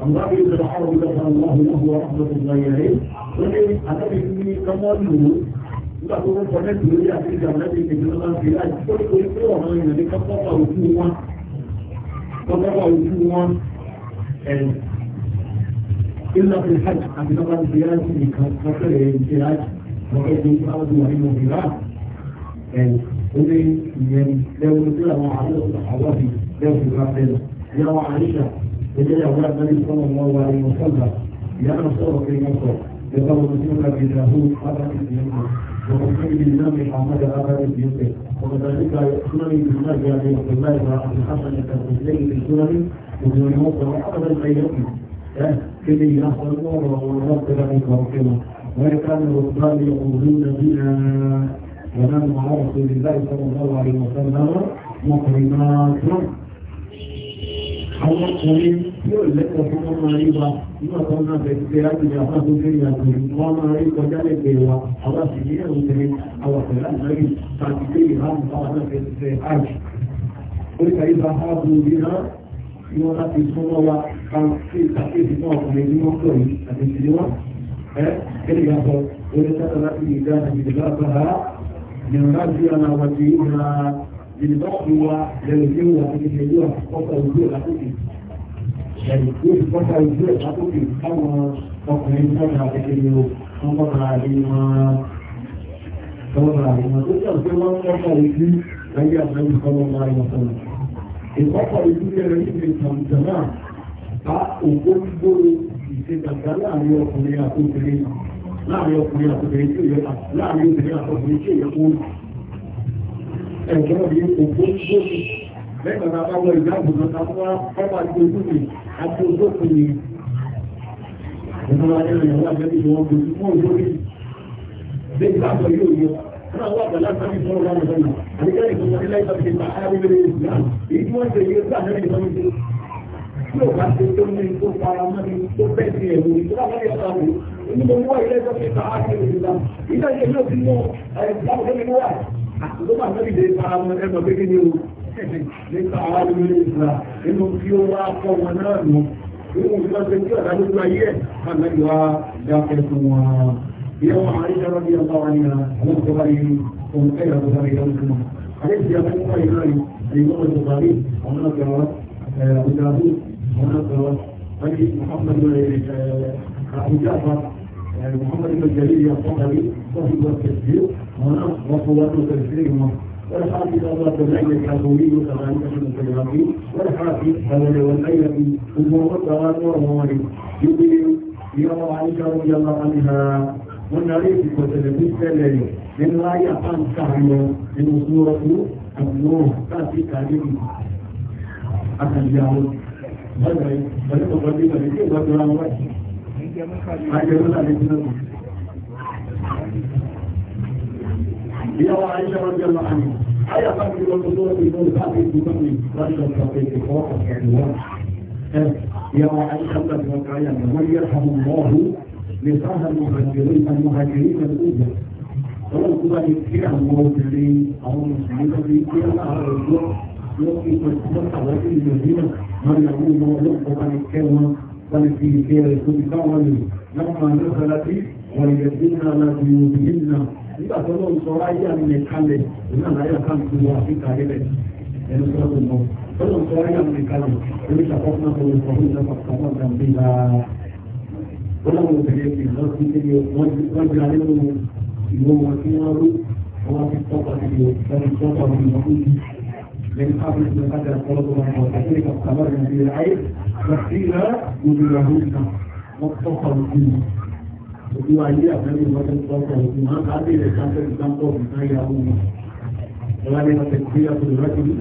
àwọn àbí ìjọba àwọn olùdókòwò àwọn ọmọ ìlú ورحمة الله عليه wọ́n ní àtàbí ní kọ́mọ́ọ̀lù nígbà tó wọ́n sọ mẹ́tì lórí àti ìjàmẹ́tì ìjọba máa ń fi láì tó ní orí pé ọ̀nà ìrìn ní kọ́kọ́kọ́ ojú wọn kọ́kọ́kọ́ ojú wọn ẹ̀yìn ilé ọ̀fẹ́ hajj àti lọ́wọ́ ti fi láì nìkan kọ́kẹ́rẹ́ ti hajj lọ́wọ́ ti fi láì wà nínú ìlà ẹ̀yìn ó ní ìyẹn lẹ́wọ́n tí àwọn àwọn fi lẹ́wọ́n fi máa fẹ́ lọ ìyàwó àyíṣà ìjẹ́yàwó àgbẹ̀lẹ̀ sọ́nà wọn wà nínú sọ́nà ìyá náà sọ̀rọ̀ kí wọ́n sọ Ìjọba olùsílẹ̀ ìdáhùn pàtàkì ìdíyẹ̀kọ̀. ومحمد بن نبي محمد أبا يوسف وكذلك يحمل بالمرج أبي عبد الله بن عبد الحسن الترمذي في السنن وابن الموقع وحمد البيهقي اه، كلي وكان الرسول يقولون بنا ونحن مع رسول الله صلى الله عليه وسلم مقرمات àwọn ọkùnrin yóò lẹ́kọ̀ọ́ fún wọn máa rí wa nígbà tó náà bẹ̀rẹ̀ pé láti ní àwọn tó lé ìyàtọ̀ wọn máa rí kọjá lẹ́gbẹ̀ẹ́ wa àwọn sì ní ẹ̀rù tẹ̀lé àwọn pẹ̀lú àmọ́rí tàbí pé ìhàmù táwọn náà fẹ́ fẹ́ àjù. oríta ibà áàbò orí náà ni wọ́n láti fún wọn wa kan sí ìtàkéjì náà ọkùnrin ní wọ́n pọ̀ yìí àti ìdílé wọn. ẹ kéde yàtọ̀ orí sáà láti ìdá àti ìdílé ìdọ́kùn wa lẹ́nu tí ó wà ní ìṣẹ́jú àkọ́kọ́ ojú ẹ̀ látókè ẹ̀rù tí ó ti kọ́kọ́ ojú ẹ̀ látókè lẹ́yìn àtẹ́kẹ́lẹ́ kọ́kọ́ máa yọ sọ́nà ìkọ́kọ́ ojú láàrin ọkùnrin àtòkùnrin láàrin ẹ̀rọ yìí kò gbóṣòṣì lẹ́gbẹ̀ẹ́ bá wọ ìdáàbò náà ká wá pápá tó ojú mi àti ojú òkú mi. Ìjọba ẹ̀rọ ìyàwó àjẹ́bí ni wọ́n gbòòrò fún òjòrí. Bẹ́ẹ̀ni bá sọ yóò yọ. Wọ́n àwọn àgbàlá sábì fún ọ̀rọ̀ àwọn ọ̀rọ̀. Àdékẹ́ ìfọwọ́sí láìpẹ́ ti ta àárín ìsìlámù. Èyí tí wọ́n ṣe yóò gbà náà ìfọwọ́sí tí o bá ti tó ní tó fara mọ́ ni tó bẹ́ẹ̀ ti ẹ̀rù ní tó bá wáyé ọ̀la rẹ̀. Èmi ló mú àtúntò àtẹ́bí lè fara mọ́ ẹgbẹ́ pé kí ni o nípa àwọn olórí ìgbà nínú kí ó wá kọ́ wọn náà nù nínú kí wọ́n ṣe kí ọ̀dà lójú ayé ẹ̀ àtàbí wa dákẹ́ fún wọn. Ìyẹn wọn àárín ṣọ́rọ́ bí ọba wa ní àwọn ìjọba yìí ohun ẹ̀yà tó sáré lọ́wọ́ fún wọn. Àdéhùn ìjọba ní wọ́n yìí náà yìí èyí wọ́n tó parí àwọn náà kẹwàá àbújá àwọn náà kẹwàá wọ́n ti Muhammadu wọn náà wọ́n fọwọ́ tó tẹ̀lé sí wọn والحافظ الله بن الحافظي وثمانية من الجرامي والحافظ هذا والأيدي ثم وقرات ورواني يبين يرى عائشة رضي الله عنها والنبي في كتب الليل من لا يقام سعيه من سورة النور تأتي تعليم التجاوز بل بل تقدم بكي وترى وجهي. يا وعائشة رضي الله عنها حيا في دون باقي في يا وعائشة رضي الله عنها من يرحم الله المهاجرين المهاجرين الأولى ولو كبار يكفيها الموجودين أو المسلمين في كل الرجوع يوم يكون تحوالي المدينة من يقول ويقوم عن الكلمة ولكن كيف يكون كامل لما نزلت وليجدنا ما في nígbàtọ́ lọ sọ ayé àmì nìkalẹ̀ ìmọ̀ láyé àkàmì tó wà fún kàrí rẹ̀ ẹnu sọ tó mọ́ ọlọ́run sọ ayé àmì nìkalẹ̀ orí ṣàkóso náà lọ sọ fún ìjọba àkàmọ́ àgbàmbé la ọlọ́run obìnrin fi lọ sí ilé wọ́n jẹ́ alẹ́ nínú ìwọ wọn tí wọ́n rú wọn fi tọ́pa sí ìwọ wọn sí ìwọ fún ìdí لأن قبل أن يقدر الطلب òbí wa ilé àtàrí ìwọ́sọ̀kọ̀ òkú máa ká bí ilẹ̀ sáńtẹ́ ìsáńtọ̀ ìsáń ìyàwó mi ọlá ní ọ̀sẹ̀ tí a tòlù láti rí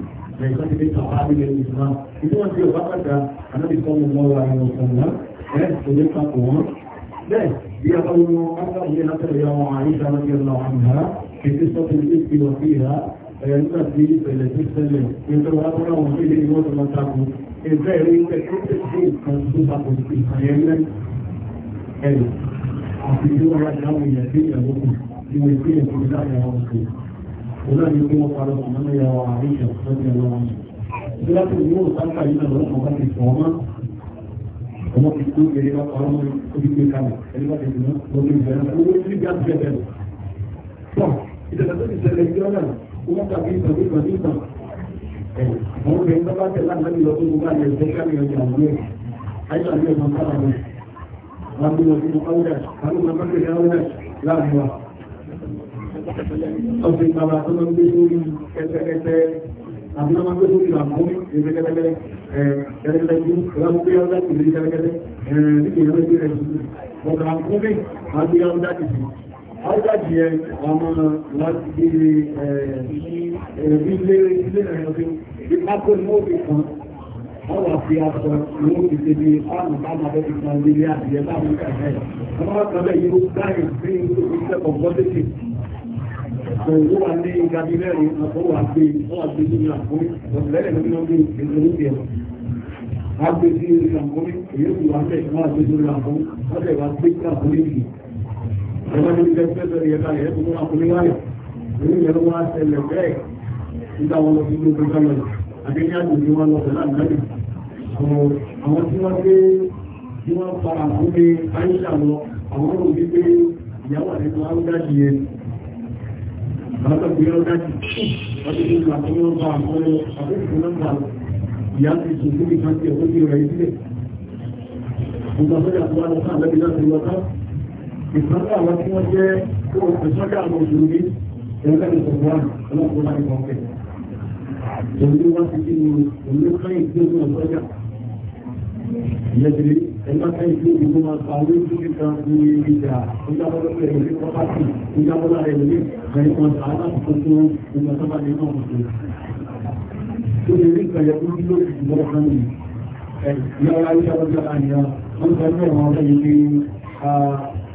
ẹ̀ ìsáńtẹ́ tí a bá nílẹ̀ ìsúná ìdí wọn tí ọba pàtà anábì sọmọ mọ wa ẹ̀rọ ọ̀sọ̀nà ẹ̀ òye papọ̀ wọn bẹ́ẹ̀ bí a bá wọn wọn ká òye látẹ̀lẹ̀ àwọn àyíká lọ́kẹ́ lọ àmà kìí sọ́tù ilé ti lọ sí ìhà ẹ̀yẹ nígbà àti tí wọ́n láti láwọn èèyàn tí ìyàwó tí wọ́n tí èkó láàrin àwọn òkú. Òun náà ni wọ́n parọ́ ọmọ náà yà àríṣà lọ́jọ́ ọlọ́run. Ìjọba tó ní òun sáńkà yìí náà lọ́wọ́ bá ti fọ́ ọmọ. Ọmọ ti kú eré bá parọ́ mọ́ orí pé kalẹ̀ ẹni bá ti dùn lórí ìbẹ̀rẹ̀ owó ní bí àti bẹ́ẹ̀ bẹ́ẹ̀. Tọ́ ìjọba tó ṣẹlẹ̀ ìjọba náà ربنا في قولك ربنا بكر قولك لا هو Ọ̀sìn bàbá tó lọ ń gbé sórí ẹsẹ̀ẹsẹ̀ àti lọ́mọ gbé sórí ìlàmùn ìrẹ́gẹ́gẹ́gẹ́ ẹ̀ẹ́gẹ́gẹ́gẹ́ ìlàmùgbé ọjọ́ ìrẹ́gẹ́gẹ́gẹ́ ẹ̀ẹ́gẹ́gẹ́gẹ́ ẹ̀ẹ́gẹ́gẹ́ ọ̀gá àkúgbé àgbé ọjọ́ ìrẹ́gẹ́gẹ́ Àwọ́dájì ẹ ọmọ láti gbé ẹ̀ẹ́bí lé ilé ẹ̀yọ́ tí ó ti pápó ní ó fi kan wọ́n wà fi aṣọ ní ìṣe bí fáàmù fáàmù abẹ́bí nàìjíríà ìyẹn láàrín kàkẹ́ wọ́n wá sọ bẹ́ẹ̀ yóò dáhì sí ìṣẹ́ kọ̀m̀pọ́tẹ́tì òwú wa ní gabinẹ́rì ọkọ̀ wà gbé wọ́n wà gbé sí ìyàgbọ́n ọ̀sẹ̀lẹ̀ nínú bí ìṣẹ̀lẹ̀ ìṣẹ̀lẹ̀ agbe sí ìṣàkóyè èyí ti wà bẹ́ẹ̀ wọ́n àgbé lórí àbọ̀ wọ́n tẹ̀ wá gbé káàkiri ìlú ẹ̀rọ ní ilé ẹgbẹ́ bẹ̀rẹ̀ yẹn báyìí ẹ̀kọ́ wọn lọ sí ilé ìgbésẹ̀ lọ àbí ní àgbègbè wọn lọ pẹ̀lú àgbẹ̀rẹ̀ àwọn tí wọ́n gbé tí wọ́n fara fún mi àyíṣà lọ àwọn ọmọ wípé ìyàwó àtẹ́kọ̀ọ́ á ń dájì yẹn àwọn tó gbé ọ́ dájì wọ́n ti gbé àkọ́yọ́ bá àkọ́yọ́ àkókò náà bá ìyá ti sùn síbi kan tí ọkọ́ ti rẹ̀ sílẹ̀ gbogbo àfẹ́jà tó wá lọ sáà lẹ́bi láti lọ sá ìpàdé àwọn tí wọ́n jẹ́ ìsọ́jà àwọn òṣèlú ẹgbẹ́ni sọ̀rọ̀ ọlọ́pàá láti kọ̀ọ̀kẹ́ yẹ̀dìrí ẹ̀lọ́ta ìlú ìlú máa pa owó ìdíje kan ní ìjà ìjábọ́lá pẹ̀lú ní pọ́pátì ìjábọ́lá rẹ̀ lè gbẹ̀yìn kan tà láti tuntun ìgbà tó bá ní náà tuntun. tó lè rí ìkàyẹ̀ fún lílo ìgbọ́ kan ní ìyára ìjábọ́lá àníyá wọ́n sọ pé àwọn ọ̀rẹ́ yìí ní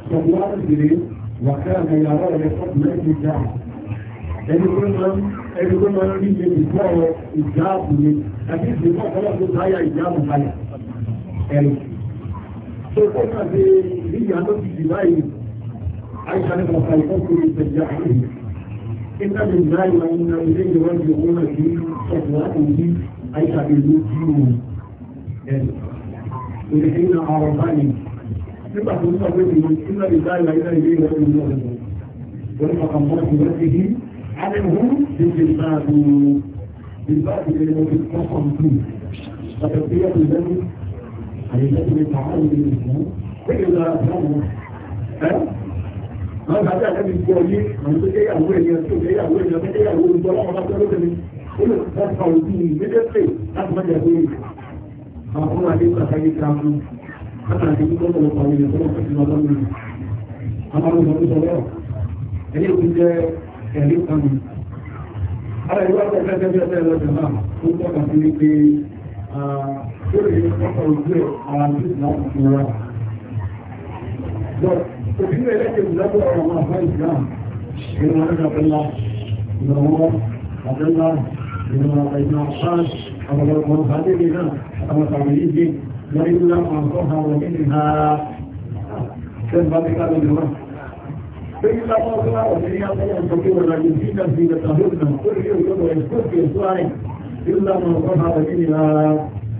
ṣọ̀gbọ́n àtìrí wàkẹ́ àmì ìyàrá rẹ̀ ẹni tó máa ń rí ìgbà ìgbà ìgbà ìgbà ìgbà ìgbà ìgbà ìgbà ìgbà ẹ̀rù. tó kọ́ náà ṣe ìyá tó ti dì báyìí àìsàn ní ọ̀sán ìfọ́ kò ní ìtẹ̀jẹ́ àárín. iná lè dá ìwà iná ilé ìwà ìjọba náà sí ọ̀sán láti ní àìsàn ìlú tí ó ẹ̀rù. òṣèlú iná ọ̀rọ̀ báyìí nígbà tó ń sọ pé iná lè dá ìwà iná ilé ìwà ìjọba náà sí. علمهم بالباب بالباب اللي هو في القصم فيه فتربية الذنب àyẹ̀lẹ́gbẹ̀rẹ̀ àwọn tó kéyàwó ènìyàn tó kéyàwó ènìyàn tó kéyàwó olùgbọ́ ọmọ tó lókèlè ó lè fẹ́ fa ojú ìgbẹ́jẹ́ láti mọ́jà pé àwọn ọmọ adé pàtàkì kàmú látàkì tó lọ́wọ́ àwọn ènìyàn tó lọ́wọ́ fẹ́ lọ́wọ́ lórí ọkọ̀ ojú àwọn tí wọ́n fi wá. But òbí rẹ̀ lẹ́kẹ̀ lọ́dọ̀ àwọn afẹ́ ìsìlám ìrìn àwọn àbẹ́lá ìrànwọ́ àbẹ́lá ìrìn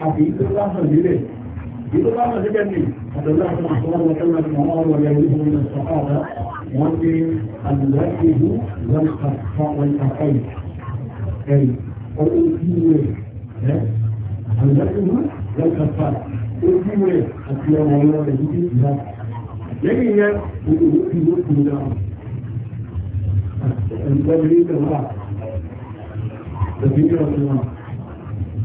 àbí tó bá hàn nílẹ̀ èyí tó bá hàn nílẹ̀ ní àdọ́lá àwọn àkọọ́lọ́ ọ̀tọ́lá ní àwọn ọ̀rọ̀ ẹ̀rọ ìwọ̀n ní sọ̀kọ́ọ̀dá wọ́n ní àlùwáṣẹ́hu wọ́n ẹ̀rì ọ̀rọ̀ ojú rẹ̀ àlùwáṣẹ́hu wọ́n kàfà ojú rẹ̀ àti ọmọ ọ̀rọ̀ rẹ̀ ní ìlà lẹ́yìn yẹn gbogbo òkú ló kù náà ẹ̀ńtẹ́bí ní ìtẹ̀wá ẹ̀bí ní ọ̀tún náà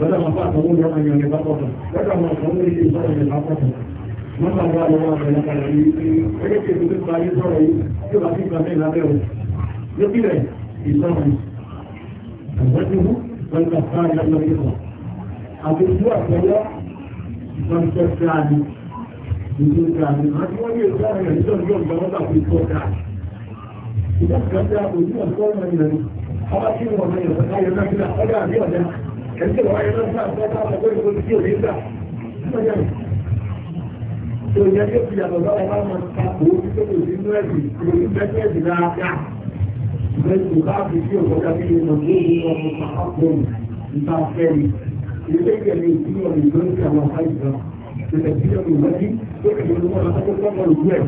فلا مفاتهم رأي من بطرة فلا مفاتهم لكي صار من بطرة مما قال الله لك العلي فيكي تبقى يزرعي يبقى فيك بين غيره يقيل يزرعي الوجه والكفار لما يقرأ أبسوا أكلا من تسعني يقول كامل ما تقول يزرعي يزرعي يوم بمضى في الكفار إذا كنت أقول يزرعي من الكفار أما كيف وما يزرعي يزرعي يزرعي يزرعي kẹ̀kẹ́ wà yẹn náà sáà sọ́kà àwọn ọgbẹ́ ìgbò tí ò ní gbà tó yẹ kí òfin àbọ̀ bá wọn máa ta owó tí tó kò sí inú ẹ̀sìn kò ní bẹ́tẹ̀ ẹ̀sìn náà yá ìgbésù káàkiri tí òkò dàbí lè mọ̀ tó ní ọmọ àpapọ̀ nípa fẹ́ni ilé ìgbẹ̀lẹ̀ ìdílé ọ̀nà ìlú ní àwọn àìsàn ìgbẹ̀lẹ̀ ìdílé ọ̀nà ìwádìí tó kẹ̀kẹ́ ló mọ̀ lọ́kọ́ tó mọ̀ lójú ẹ̀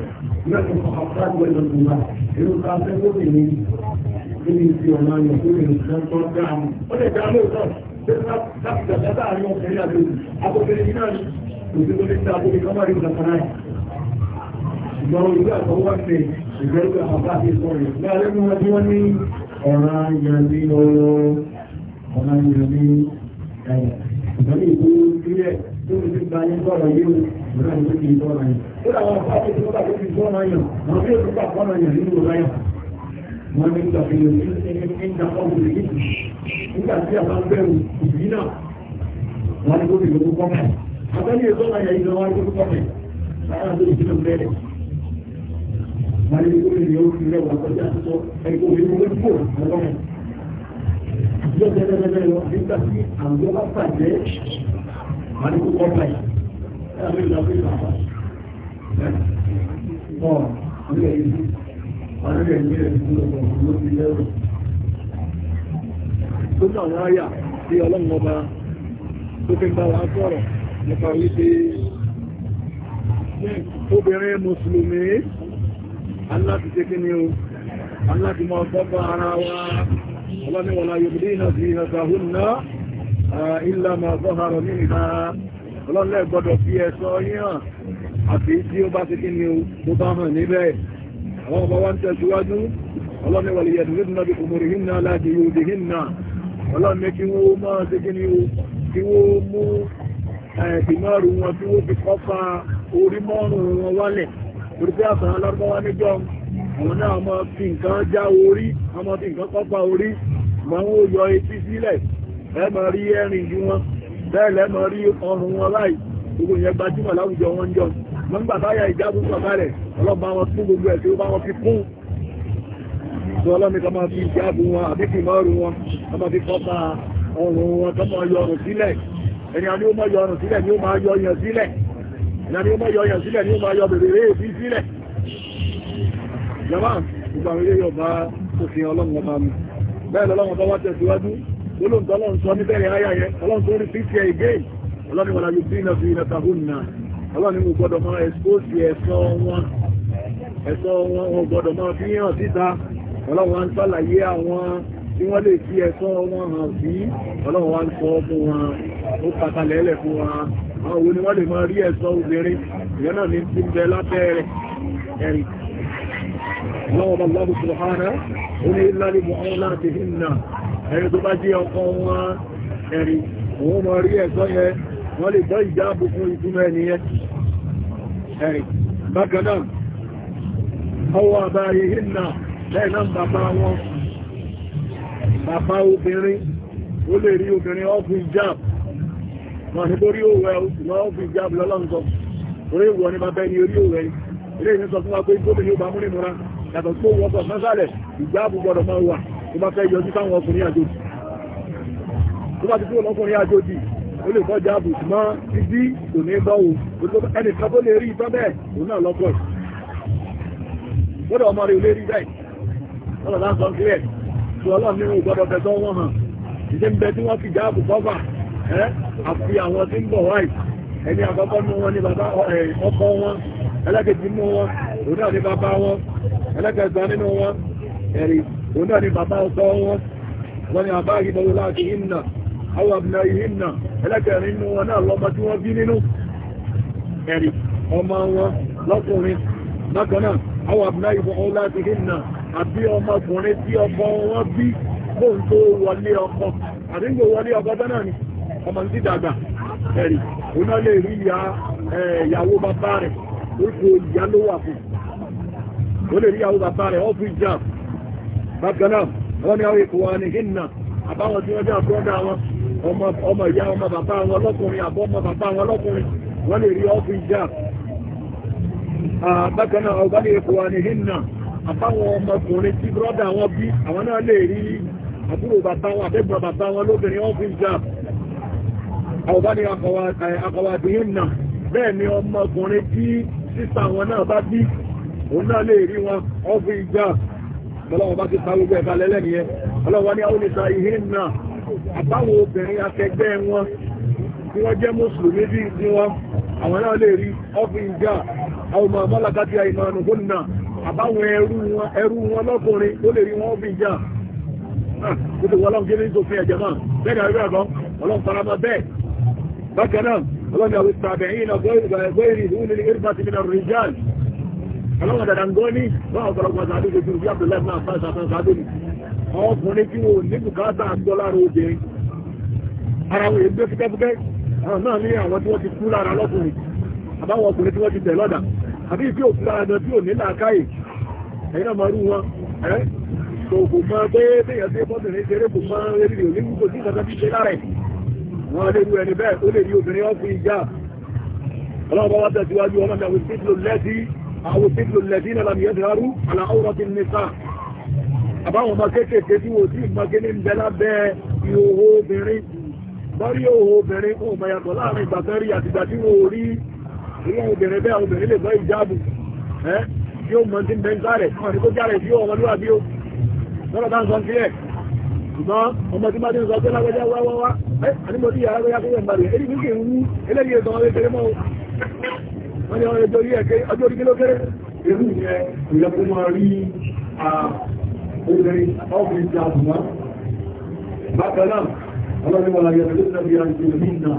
lọ́kọ̀ àpapọ̀ àgbẹ̀ lọ́kùnrin inú ká fẹ́ lóbìnrin Ìgbọ́n ìgbà tó wá pé ìgbẹ́rùgbà àpá àti ìsọ̀rọ̀ ìgbà lẹ́nu wọn tí wọ́n ní ọ̀rọ̀ ìyẹ̀lú ooo ọ̀rọ̀ ìyẹ̀lú ẹ̀yẹ̀. Ìgbọ́n ìgbò ìpínlẹ̀ tó ti gba ní sọ̀rọ̀ yìí ìgbà ìgbà ìgbà ìgbà ìgbà ìgbà ìgbà ìgbà ìgbà ìgbà ìgbà ìgbà wọ́n ní ìtàkìlẹ̀ sí ẹni ìjà ọ̀gbìn yìí nígbà tí a bá ń bẹ̀rù ìbí náà wọ́n ní gómìnà tó kọ́ mẹ́ abẹ́lẹ̀ ìjọba yẹ ìjọba wọn tó kọ́ mẹ́ sáyà tó ìjìnà bẹ̀rẹ̀ wọ́n ní gómìnà yóò lọ nígbà tí àwùjọ bá bàjẹ́ wọ́n Gbogbo àwọn àyà tí ọlọ́run ọba tó fi bá wa sọ̀rọ̀ nípa wípé obìnrin Mùsùlùmí aláti jẹ́ kí ni o, aláti máa gbọ́gbà ara wa, ọlọ́niwọ̀lá Yorùbá iná sí ìrìnàtàhún náà, ìlà máa gbọ́hàrọ̀ ní ìhà ọlọ́lẹ́ fi ẹ̀ṣọ́ yíhàn àti tí ó bá ti kí ni o, tó bá hàn níbẹ̀ wọ́n bá wọ́n tẹ̀síwájú ọlọ́ni wà náà bí kòmòrò hin láti yóò di hin náà kí wọ́n máa ṣe kí ni o kí wọ́n mú ẹ̀ẹ́dìmọ́rù wọn tí wọ́n fi kọ́fà orí mọ́rùn wọn wálẹ̀ torí pé àtàn alárúbáwá níjọ́ àwọn náà máa fi nǹkan já orí wọ́n máa fi nǹkan kọ́fà orí máa ń yọ etí sílẹ̀ ẹ máa rí ẹ̀rìn ju wọn bẹ́ẹ̀ lẹ́ máa rí ọrùn wọn láì gbogbo ìyẹn gbajúmọ̀ láwùjọ wọn jọ mọ́gbà táyà ìjábùn bàbá rẹ̀ ọlọ́bà wọn fún gbogbo ẹ̀ tí ó bá wọn fi kún tó ọlọ́mìkà máa fi ìjábùn wọn àbíkì mọ́rún wọn ọmọ fi kọta ọrùn wọn tó máa yọrùn sílẹ̀ ẹni a ní ó máa yọrùn sílẹ̀ ni ó máa yọ sílẹ̀ ẹni ni ó máa yọ bèrè rèé sí sílẹ̀ jọba ìgbà orílẹ̀ yóò bá òfin ọlọ́run ọba mi bẹ́ẹ̀ lọ́lọ́run ọba wá tẹ̀síwájú olóǹtọ́ ọlọ́run sọ níbẹ̀rẹ̀ ayá yẹn ọlọ́run tó rí fífẹ́ ìgé ọlọ́run wọ̀lá yóò bí iná fi iná tahùn ọlọ́ni mo gbọ́dọ̀ máa ẹ̀sọ́sì ẹ̀sọ́ wọn ẹ̀sọ́ wọn wọn gbọ́dọ̀ máa fi hàn síta ọlọ́run wá ń sàlàyé àwọn tí wọ́n lè fi ẹ̀sọ́ wọn hàn sí ọlọ́run wá ń sọ fún wọn ó pàtàlẹ́lẹ̀ fún wọn àwọn òun ni wọ́n lè máa rí ẹ̀sọ́ obìnrin ìyẹn náà ní ti bẹ lábẹ́rẹ̀ ẹ̀rì lọ́wọ́ bá lọ́bù sùhánà ó ní ìlànà ìmọ̀ láti hìnnà ẹ̀rì tó bá jẹ́ ọkọ wọn ẹ̀rì òun máa rí ẹ̀sọ́ yẹn wọ́n lè dán ìjáàbò fún ìtúnmọ̀ ẹniyẹn ẹ̀rì bákanáà ọwọ́ àbáyé hìnnà lẹ́ẹ̀nà bàbá wọn bàbá obìnrin ó lè rí obìnrin ọ́fù ìjáàb wọn ni borí òwẹ́ ọ́fù ìjáàb lọ́lọ́ǹkọ́ orí ìwọ̀ ni bàbá ẹni orí òwẹ́ ilé ìsìn sọ fún wa pé múra yàtọ̀ tó gbọdọ̀ máa wà tó bá fẹ́ ọkùnrin àjòjì ó lè kọjá àbùsù mọ́ títí kò ní gbọ́wò ẹnìkan tó lè rí ìtọ́ bẹ́ẹ̀ òun náà lọ́pọ̀ gbọ́dọ̀ ọmọ rẹ̀ ò lè rí bẹ́ẹ̀ lọ́dọ̀ láńsọ sílẹ̀ tó ọlọ́run nínú ìgbọ́dọ̀ tẹ̀sán wọn hàn ìṣẹ́ ń bẹ tí wọ́n fi já àbùsù ọfà àfi àwọn tí ń bọ̀ wáì ẹni àkọ́kọ́ mú wọn ní bàbá ọkọ wọn ẹlẹ́kẹ̀ẹ́jì mú wọn òun náà ní bàbá wọn ẹlẹ́kẹ̀ẹ́gbà nínú wọn ẹ̀rì òun náà ní bàbá ọkọ wọn wọ́n ní àbá ìgbọ̀lọ́láàkì ìnà àwọn àbìnà ìhìn náà ẹlẹ́kẹ̀rin inú wọn náà lọ́mọ tí wọ́n bí nínú ẹ̀rì ọmọ wọn lọ́kùnrin bákanáà àwọn àbìnà ìfọ̀ ọlá ti hìn náà àbí ọmọkùnrin tí ọkọ wọn bí bóun tó wọlé ọkọ wọlé ọkọ tánà ni ọmọ ti dàgbà ẹ̀rì oná lè rí bàbá rẹ̀ ìyá ló wà fún ó lè rí ìyàwó bàbá rẹ̀ ọ́ wọ́n ni àwọn ní hìn jẹ́ wọn ọmọ ìyá ọmọ bàbá wọn lọ́kùnrin àbọ́ ọmọ bàbá wọn lọ́kùnrin wọ́n lè rí ọ́fì ìjà na. ọba lè kò wà ní hìnnà àbáwọn ọmọkùnrin tí brọ́dà wọn bí àwọn náà lè rí àbúrò bàbá wọn bàbá wọn lóbìnrin akọwàdì bẹ́ẹ̀ ni ọmọkùnrin tí sísà wọn náà bá bí òun náà lè rí wọn bá ti àwọn àbáwọn obìnrin akẹgbẹ́ wọn tí wọ́n jẹ́ mùsùlùmí bí ní wọn àwọn náà lè rí ọ́fìn ìjà àwọn ọmọ ọmọlákàtí àìmọ̀nù gómìnà àbáwọn ẹrú wọn lọ́kùnrin ó lè rí wọn ọ́fìn ìjà ah, gbogbo ọlọ́run gẹ́gẹ́ ní sófin ẹ̀jẹ̀ náà bẹ́ẹ̀ ni àríwá ẹ̀kọ́ ọlọ́run faramọ́ bẹ́ẹ̀ bákan náà ọlọ́run àwọn ìsàbẹ̀yìn ọgọ́rin ìlú ní irba ti mìíràn rìjáàlì ọlọ́run dàdàngọ́ ní wọ́n ọ̀pọ̀lọpọ̀ sàdúgbò àwọn ọkùnrin tí ó ní bùkátà àgbọ́ lára obìnrin ara wọn ègbé fúkẹ́fúkẹ́ àwọn náà ní àwọn tí wọ́n ti kú lára lọ́kùnrin àbáwọn ọkùnrin tí wọ́n ti tẹ̀ lọ́dà àbí ìfí òkú lára gan tí ò ní làákàyè ẹ̀yìn náà máa rú wọn ẹ́ tó kò mọ pé bẹ́yàn tí bọ́bìnrin ṣeré kò mọ eré òní kò sí kankan ti ṣe lára ẹ̀ wọn lè àbáwọn ọmọ kéékèèké tí wò sí ìgbọ́gé ní ìjẹ lábẹ́ ìhòhò obìnrin lọ́rí òhò obìnrin fún ọmọ yàtọ̀ láàrin ìgbàtẹ́rí àtìgbà tí wò rí ilé obìnrin bẹ́ẹ̀ obìnrin lè gbọ́ ìjáàbù ẹ́ tí ó mọ̀ tí ń bẹ́ ń sáré wọn ni kó járe tí ó ọmọlúwàbí ó lọ́rọ̀ bá ń sọ sílẹ̀ ṣùgbọ́n ọmọ tí máa ti ń sọ pé wọ́n ni ọjọ́ orí ẹ̀kẹ́ ọjọ́ orí kí ló kéré èrú ìyẹn ìyẹn máa rí obìnrin ọkùnrin ti àdùnmá bákan náà ọlọ́dúnwọ̀n láyé ọdún tó bí àti òmìn náà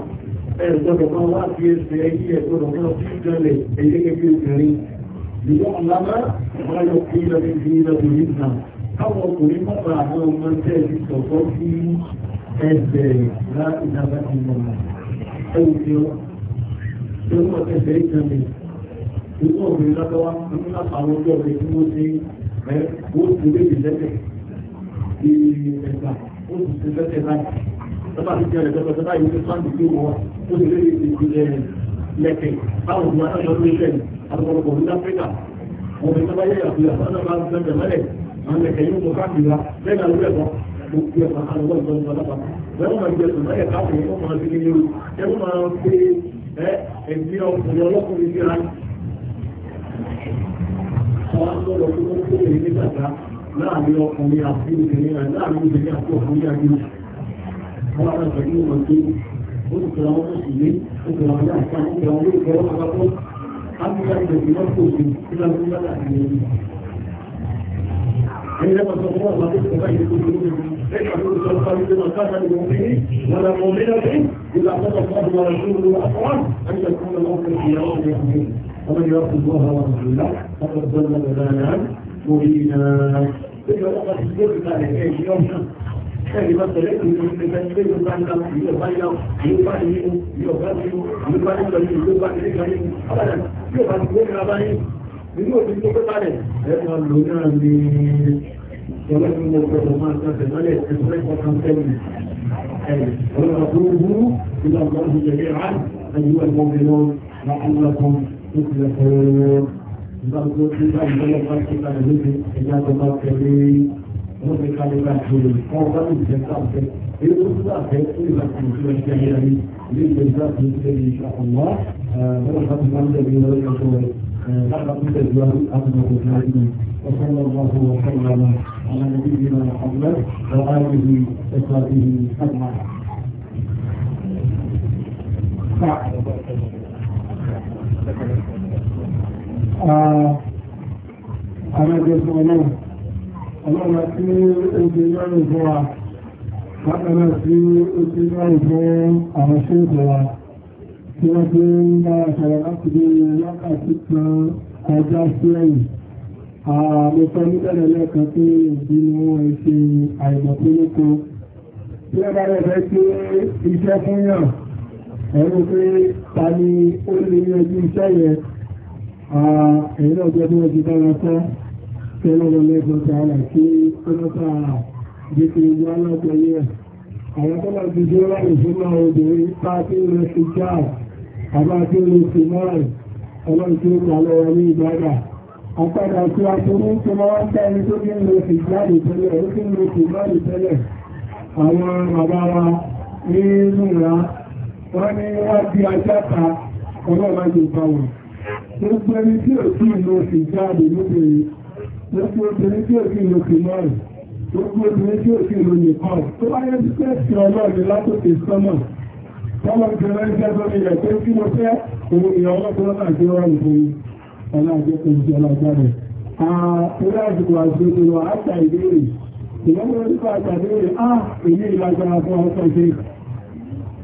ẹ̀ẹ́dọ́dọ̀ kan wá sí ẹsẹ̀ ẹ̀yí ẹ̀gbọ́dọ̀ kan sí ìjọlẹ̀ èyí gẹ́gẹ́ obìnrin ìjọ ọ̀lámá ọ̀láyọ̀ kí lọ́dún sí ìlọ́dún náà káwọn ọkùnrin mọ́ta àwọn ọmọ tẹ́ ti sọ̀kọ́ sí ẹsẹ̀ láti dábà ti mọ̀ ẹ̀wù tí ó mọ̀ tẹ́sẹ̀ ìjọlẹ̀ ìjọ ọ̀gbìn lábẹ́wá nípa àwọn ọjọ́ ọ̀gbìn tí wọ́n ti ẹ ó ti lé ìlẹ́tẹ̀ ti ẹ̀ka ó ti ti lẹ́tẹ̀ láì lọ́pàá ti jẹ́ ẹ̀rẹ́ tọ́tọ́ báyìí ó ti sáǹdì pé wọ́n ó ti lé ìlẹ́tẹ̀ lẹ́tẹ̀ báwo ni wọ́n á lọ lórí lẹ́yìn àtọ̀pọ̀lọpọ̀ ní áfíríkà wọn fi sábà yẹ àfihàn wọn náà máa ń gbẹ̀gbẹ̀ mẹ́lẹ̀ àwọn ẹ̀kẹ́ yóò mú káàkiri wọ́n á sọ̀rọ̀ tó tó tó lè ní bàtà láàrin ọkùnrin àti obìnrin rẹ̀ láàrin obìnrin àti ọkùnrin àgbèrè. Wọ́n á sọ̀rọ̀ ní ọmọ tó ó ti tẹ̀lé wọn sì lé ó tẹ̀lé wọn láti sáà ó tẹ̀lé wọn lórí ìfọwọ́ àpapọ̀ áfíríkà ìgbẹ̀ tí wọ́n kò sí sí láti wá láti lè rí. Ẹni lẹ́kọ̀ọ́ sọ fún àwọn akẹ́kọ̀ọ́ báyìí tó ti lórí lẹ́kọ̀ọ́ lórí sọ fún àwọn akẹ́kọ̀ọ́ káàkiri àwọn obìnrin wọn làwọn ومن يرد الله ورسوله فقد ضل ضلالا مبينا إذا لقد سبق عليك يوم ẹni bá tẹ̀lé ìlú ìgbẹ́ ìgbẹ́ ìlú bá ń ga ìlú bá yá ìlú bá ní ìlú ìlú bá ní ìlú ìlú bá ní ìlú ìlú bá ní ìlú ìlú abàdà yóò bá ní ìlú bá ní ìlú òfin tó pé balẹ̀ ẹ máa lò náà ní ìṣẹ̀lẹ̀ tí mo gbọ́dọ̀ máa ń tẹ̀lé mọ́lẹ̀ ẹ̀sùn ẹ̀kọ́ kan tẹ́lẹ̀ ọlọ́run tó wú ìlànà ìjẹ̀lẹ̀ rà ẹ̀yìn ẹ̀kọ́ mi lọ تفلحون برضو تبقى الدنيا فرقك على مثل إذا تبقى wọ́n ti ká nípa ìṣòro wọn bá ní ìjẹ káàkiri èyí tó tún àfẹ́ tó ìgbà tó ń tún ẹgbẹ́ ayé ayé ilé ìjẹ ìjọ tó ń tẹ̀lé ìṣà ọ̀wá bọ́lá bá ti máa ń tẹ̀lé ìwé ọjọ́ tó rẹ̀ lábàá tó tẹ̀lé ìwé àtúntò tó tẹ̀lé ìwé ọ̀sán lọ́wọ́ fún ọ̀sán lọ́wọ́ àwọn ẹbí ìlú ọ̀hún ọ̀hún ẹ̀yìn ẹ̀sọ́ àti ìlú Àrẹ́gbẹ̀sùn ah, àwọn ṣe tí wọ́n tí ń bá ṣọ̀rọ̀ láti bí lákàtí kan kọjá sí ẹ̀yìn. Àmọ́sọ nígbẹ̀rẹ̀ lẹ́ẹ̀kan tí ìdí ni wọ́n ṣe àìmọ̀ tó ní ẹ̀rọ pé ta ni ó lè ní ẹjú iṣẹ́ yẹn ẹ̀yìn náà jẹ́ bí wọ́n ti dára tọ́ tẹ́lọ́wọ́ lẹ́gbọ́n tààrà kí ó lọ́ tààrà jẹ́ kí ó wá lọ́gbọ́ yẹ àwọn tọ́lá ti dé láì fún náà obìnrin tá tí ó lè fi já àbá tí ó lè fi mọ́rẹ̀ ọlọ́run tí ó gbà lọ́wọ́ ní ìgbàgbà àpàdà tí a tó ní tí wọ́n ń tẹ́ ẹni tó kí ń lè fi jáde tẹ́lẹ̀ ó kí ń lè fi mọ́rẹ̀ tẹ́lẹ̀ àwọn bàbá wa ní ìlú ìlà wọ́n ní wọ́n bí ajá ta ọlọ́ọ̀lá yóò bá wọn. Gbogbo ẹni tí ò sí ìlú òsì jáde lóbìnrin, gbogbo obìnrin tí ò sí ìlú òsì náà, gbogbo obìnrin tí ò sí ìlú nìkan, tó bá yẹ sí ẹ̀sìn ọlọ́ọ̀dẹ látòkè sọ́mọ̀. Tọ́lọ́ ti rẹ́ jẹ́ lórí rẹ̀ pé kí mo fẹ́ òun ìyàwó ọlọ́pàá náà jẹ́ ọ̀rọ̀ ìfòyí. Ọlá àjẹkù ìjọ lágbára. Orí àjùkù àjòjò wà á ta ìbéèrè. Ìyàwó orí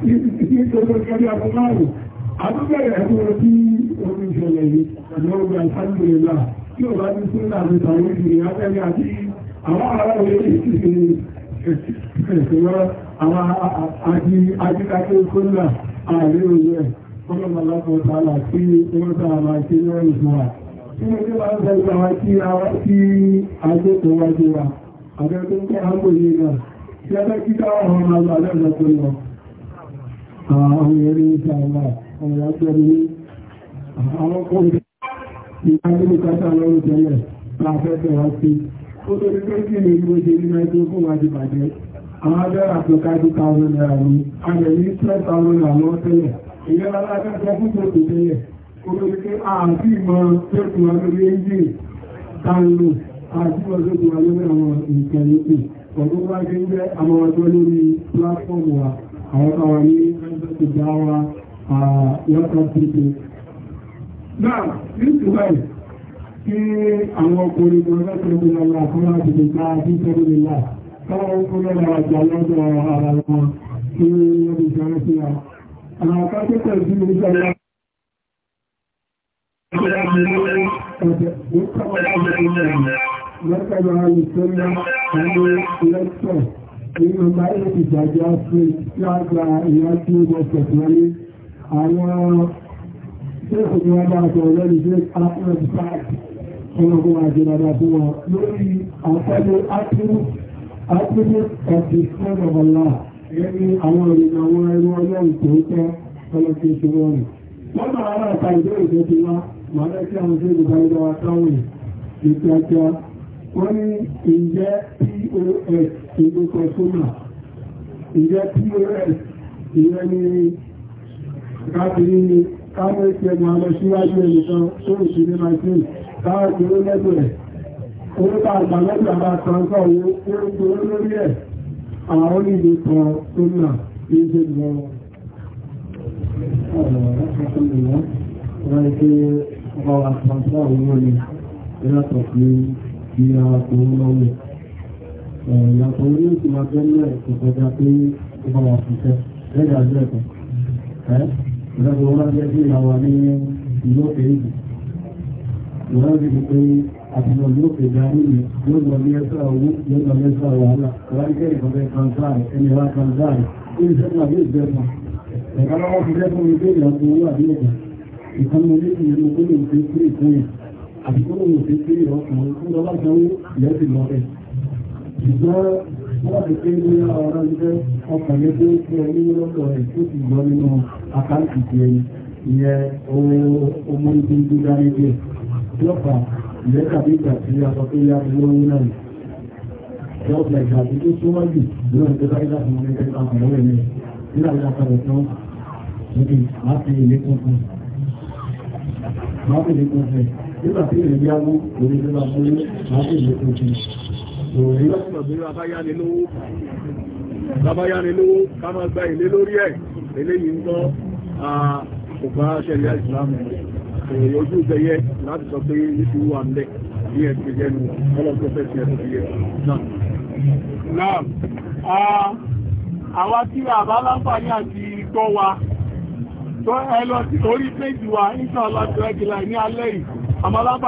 Àwọn ará orílẹ̀-èdè ti ṣe ìṣẹ́lọ́rọ̀ àwọn ajíkàtí ìkúnlẹ̀ ààrẹ òye ọlọ́mọlọ́pọ̀ tààlà tí wọ́n tàà máa ṣe lọ́rọ̀ ìfúnwà. Tí wọ́n tí wọ́n tàà máa tí àjẹ́kọ̀ọ́ wájú wa, àjẹ́kọ̀ọ́ àwọn eré ìṣàlá ọ̀rọ̀ agbẹ́mi ní àwọn kọ́ńtà ìgbàlódé kátà lọ́rùn tẹ́lẹ̀ láfẹ́ tẹ̀wá sí ó tó ní pé kí ni ìlú ṣe ní ẹjọ́ fún wa ti bàjẹ́ àwọn abẹ́rẹ́ àpẹ̀ká ti ta ọ̀rọ̀ náírà ní alẹ́ ní twelve thousand naira lọ́wọ́ tẹ́lẹ̀ ìyẹn alágbàjọ fún tó tó tẹ́lẹ̀ ó tó ní pé àti ìmọ̀ tó tù wá lórí ẹ́ńjìn tánlò àti ìmọ̀ tó tù wá lórí àwọn nǹkan yòókù ọ̀dọ́ bá ṣe ń jẹ́ àwọn to Dawa uh, local people. Now, this way, kí àwọn ọkùnrin kan lọ́pọ̀ ní ọlá fún láti lè máa bí sọ́rọ̀ nílá káwọn ọkùnrin lọ́wọ́ àjà lọ́dọ̀ ara wọn kí wọ́n bí sọ́rọ̀ sí wa. Àwọn akẹ́kọ̀ọ́ sí ní sọ́rọ̀ Mọ́kànlá ìṣẹ́lẹ̀ àwọn ilẹ́kọ̀ọ́ nínú báyé ti jàjá sí tí a gba ìyá tí ó mọ̀ tẹ̀síwáyé àwọn tí ó fi wọ́n bá sọ lẹ́nu tí ahmed park ọmọkùn àjẹ́dàdà fún wọn lórí àpẹẹrẹ attribute of the son of Allah ẹni àwọn ìrìn àwọn ẹrú ọlọ́run tó tẹ́ ọlọ́kẹ́ ṣe wọ́n wọ́n máa rà ta ìbéèrè tó ti wá màá wọ́n ní ìjẹ́ pos ìgbókọ̀ sólù ìjẹ́ pos ìyẹn ni káàkiri ni káàkiri ti ẹgbà lọ síwájú ẹnìkan tó ń ṣe ní nigeria káàkiri lẹ́gbẹ̀ẹ́ orúkọ àgbà lẹ́gbẹ̀ẹ́ bá transfer owó ó ń gbé lórí ẹ̀ àwọn onígbè kan tó ń nà ní ṣe lọ ọ̀rọ̀ ọ̀rọ̀ ìpé ọba wa transfer owó ni ìrọ̀tọ̀ fún kí a tó lọ́wọ́ ìyàtọ̀ orí òkú máa jẹ́ ní ẹ̀kọ́ kọjá pé ó bá wà fìṣẹ́ lẹ́yìn àjọ ẹ̀kọ́ ẹ́ ìrẹ́bù wọn jẹ́ sí ìyàwó ní ìlú òkè ìlú ìwọ́n rí i pé àtìlọ ìlú òkè ìdarí mi yóò lọ ní ẹ̀sọ́ owó yóò lọ ní ẹ̀sọ́ wàhálà wọ́n jẹ́ ìkọ̀bẹ̀ kansáì ẹni wá kansáì ó ń sẹ́kùn àbí ìgbẹ́fà ẹ̀ka lọ́wọ́ fi jẹ́ fún mi pé ìyàtọ̀ owó àbí ẹ̀kọ́ ìkànnì àti kó lóun òfin pé ọkùnrin tó lọ bá sanwó ìyẹn ti lọ rẹ̀ ṣùgbọ́n wọ́n láti pé ní ọ̀rọ̀ iṣẹ́ ọkùnrin tó kí ẹ ní lọ́dọ̀ rẹ̀ tó ti gbọ́ nínú àkáǹtì ti ẹni ìyẹn ọmọ ibi ń dúdá níbi lọ́pàá ìyẹn tàbí ìgbà tí a sọ pé yá ti lóyún náà lọ́pàá ìgbà tí tó súnmọ́ jù lórí tó bá yá fún tí a nígbà tí èyí yáwó lórí tí wọ́n fún láti ìlú tó ti lórí lábáyánilówó ká máa gba ilé lórí ẹ̀ eléyìí ń gbọ́ ọ̀bá ṣẹlẹ̀ ìsìlámù òòrùn ojú ìgbẹ̀yẹ láti sọ pé nítorí wà nílẹ̀ ní ẹ̀sìn jẹ́nu ọlọ́pẹ́fẹ́ sí ẹ̀sìn yẹ náà àwọn tí àbá láǹfààní àti gbọ́ wa tó ẹ lọ sí orí péjì wa ní sọ́ọ̀lọ́tọ̀ ẹgbẹ̀lá ní alẹ́ yìí àmàlábà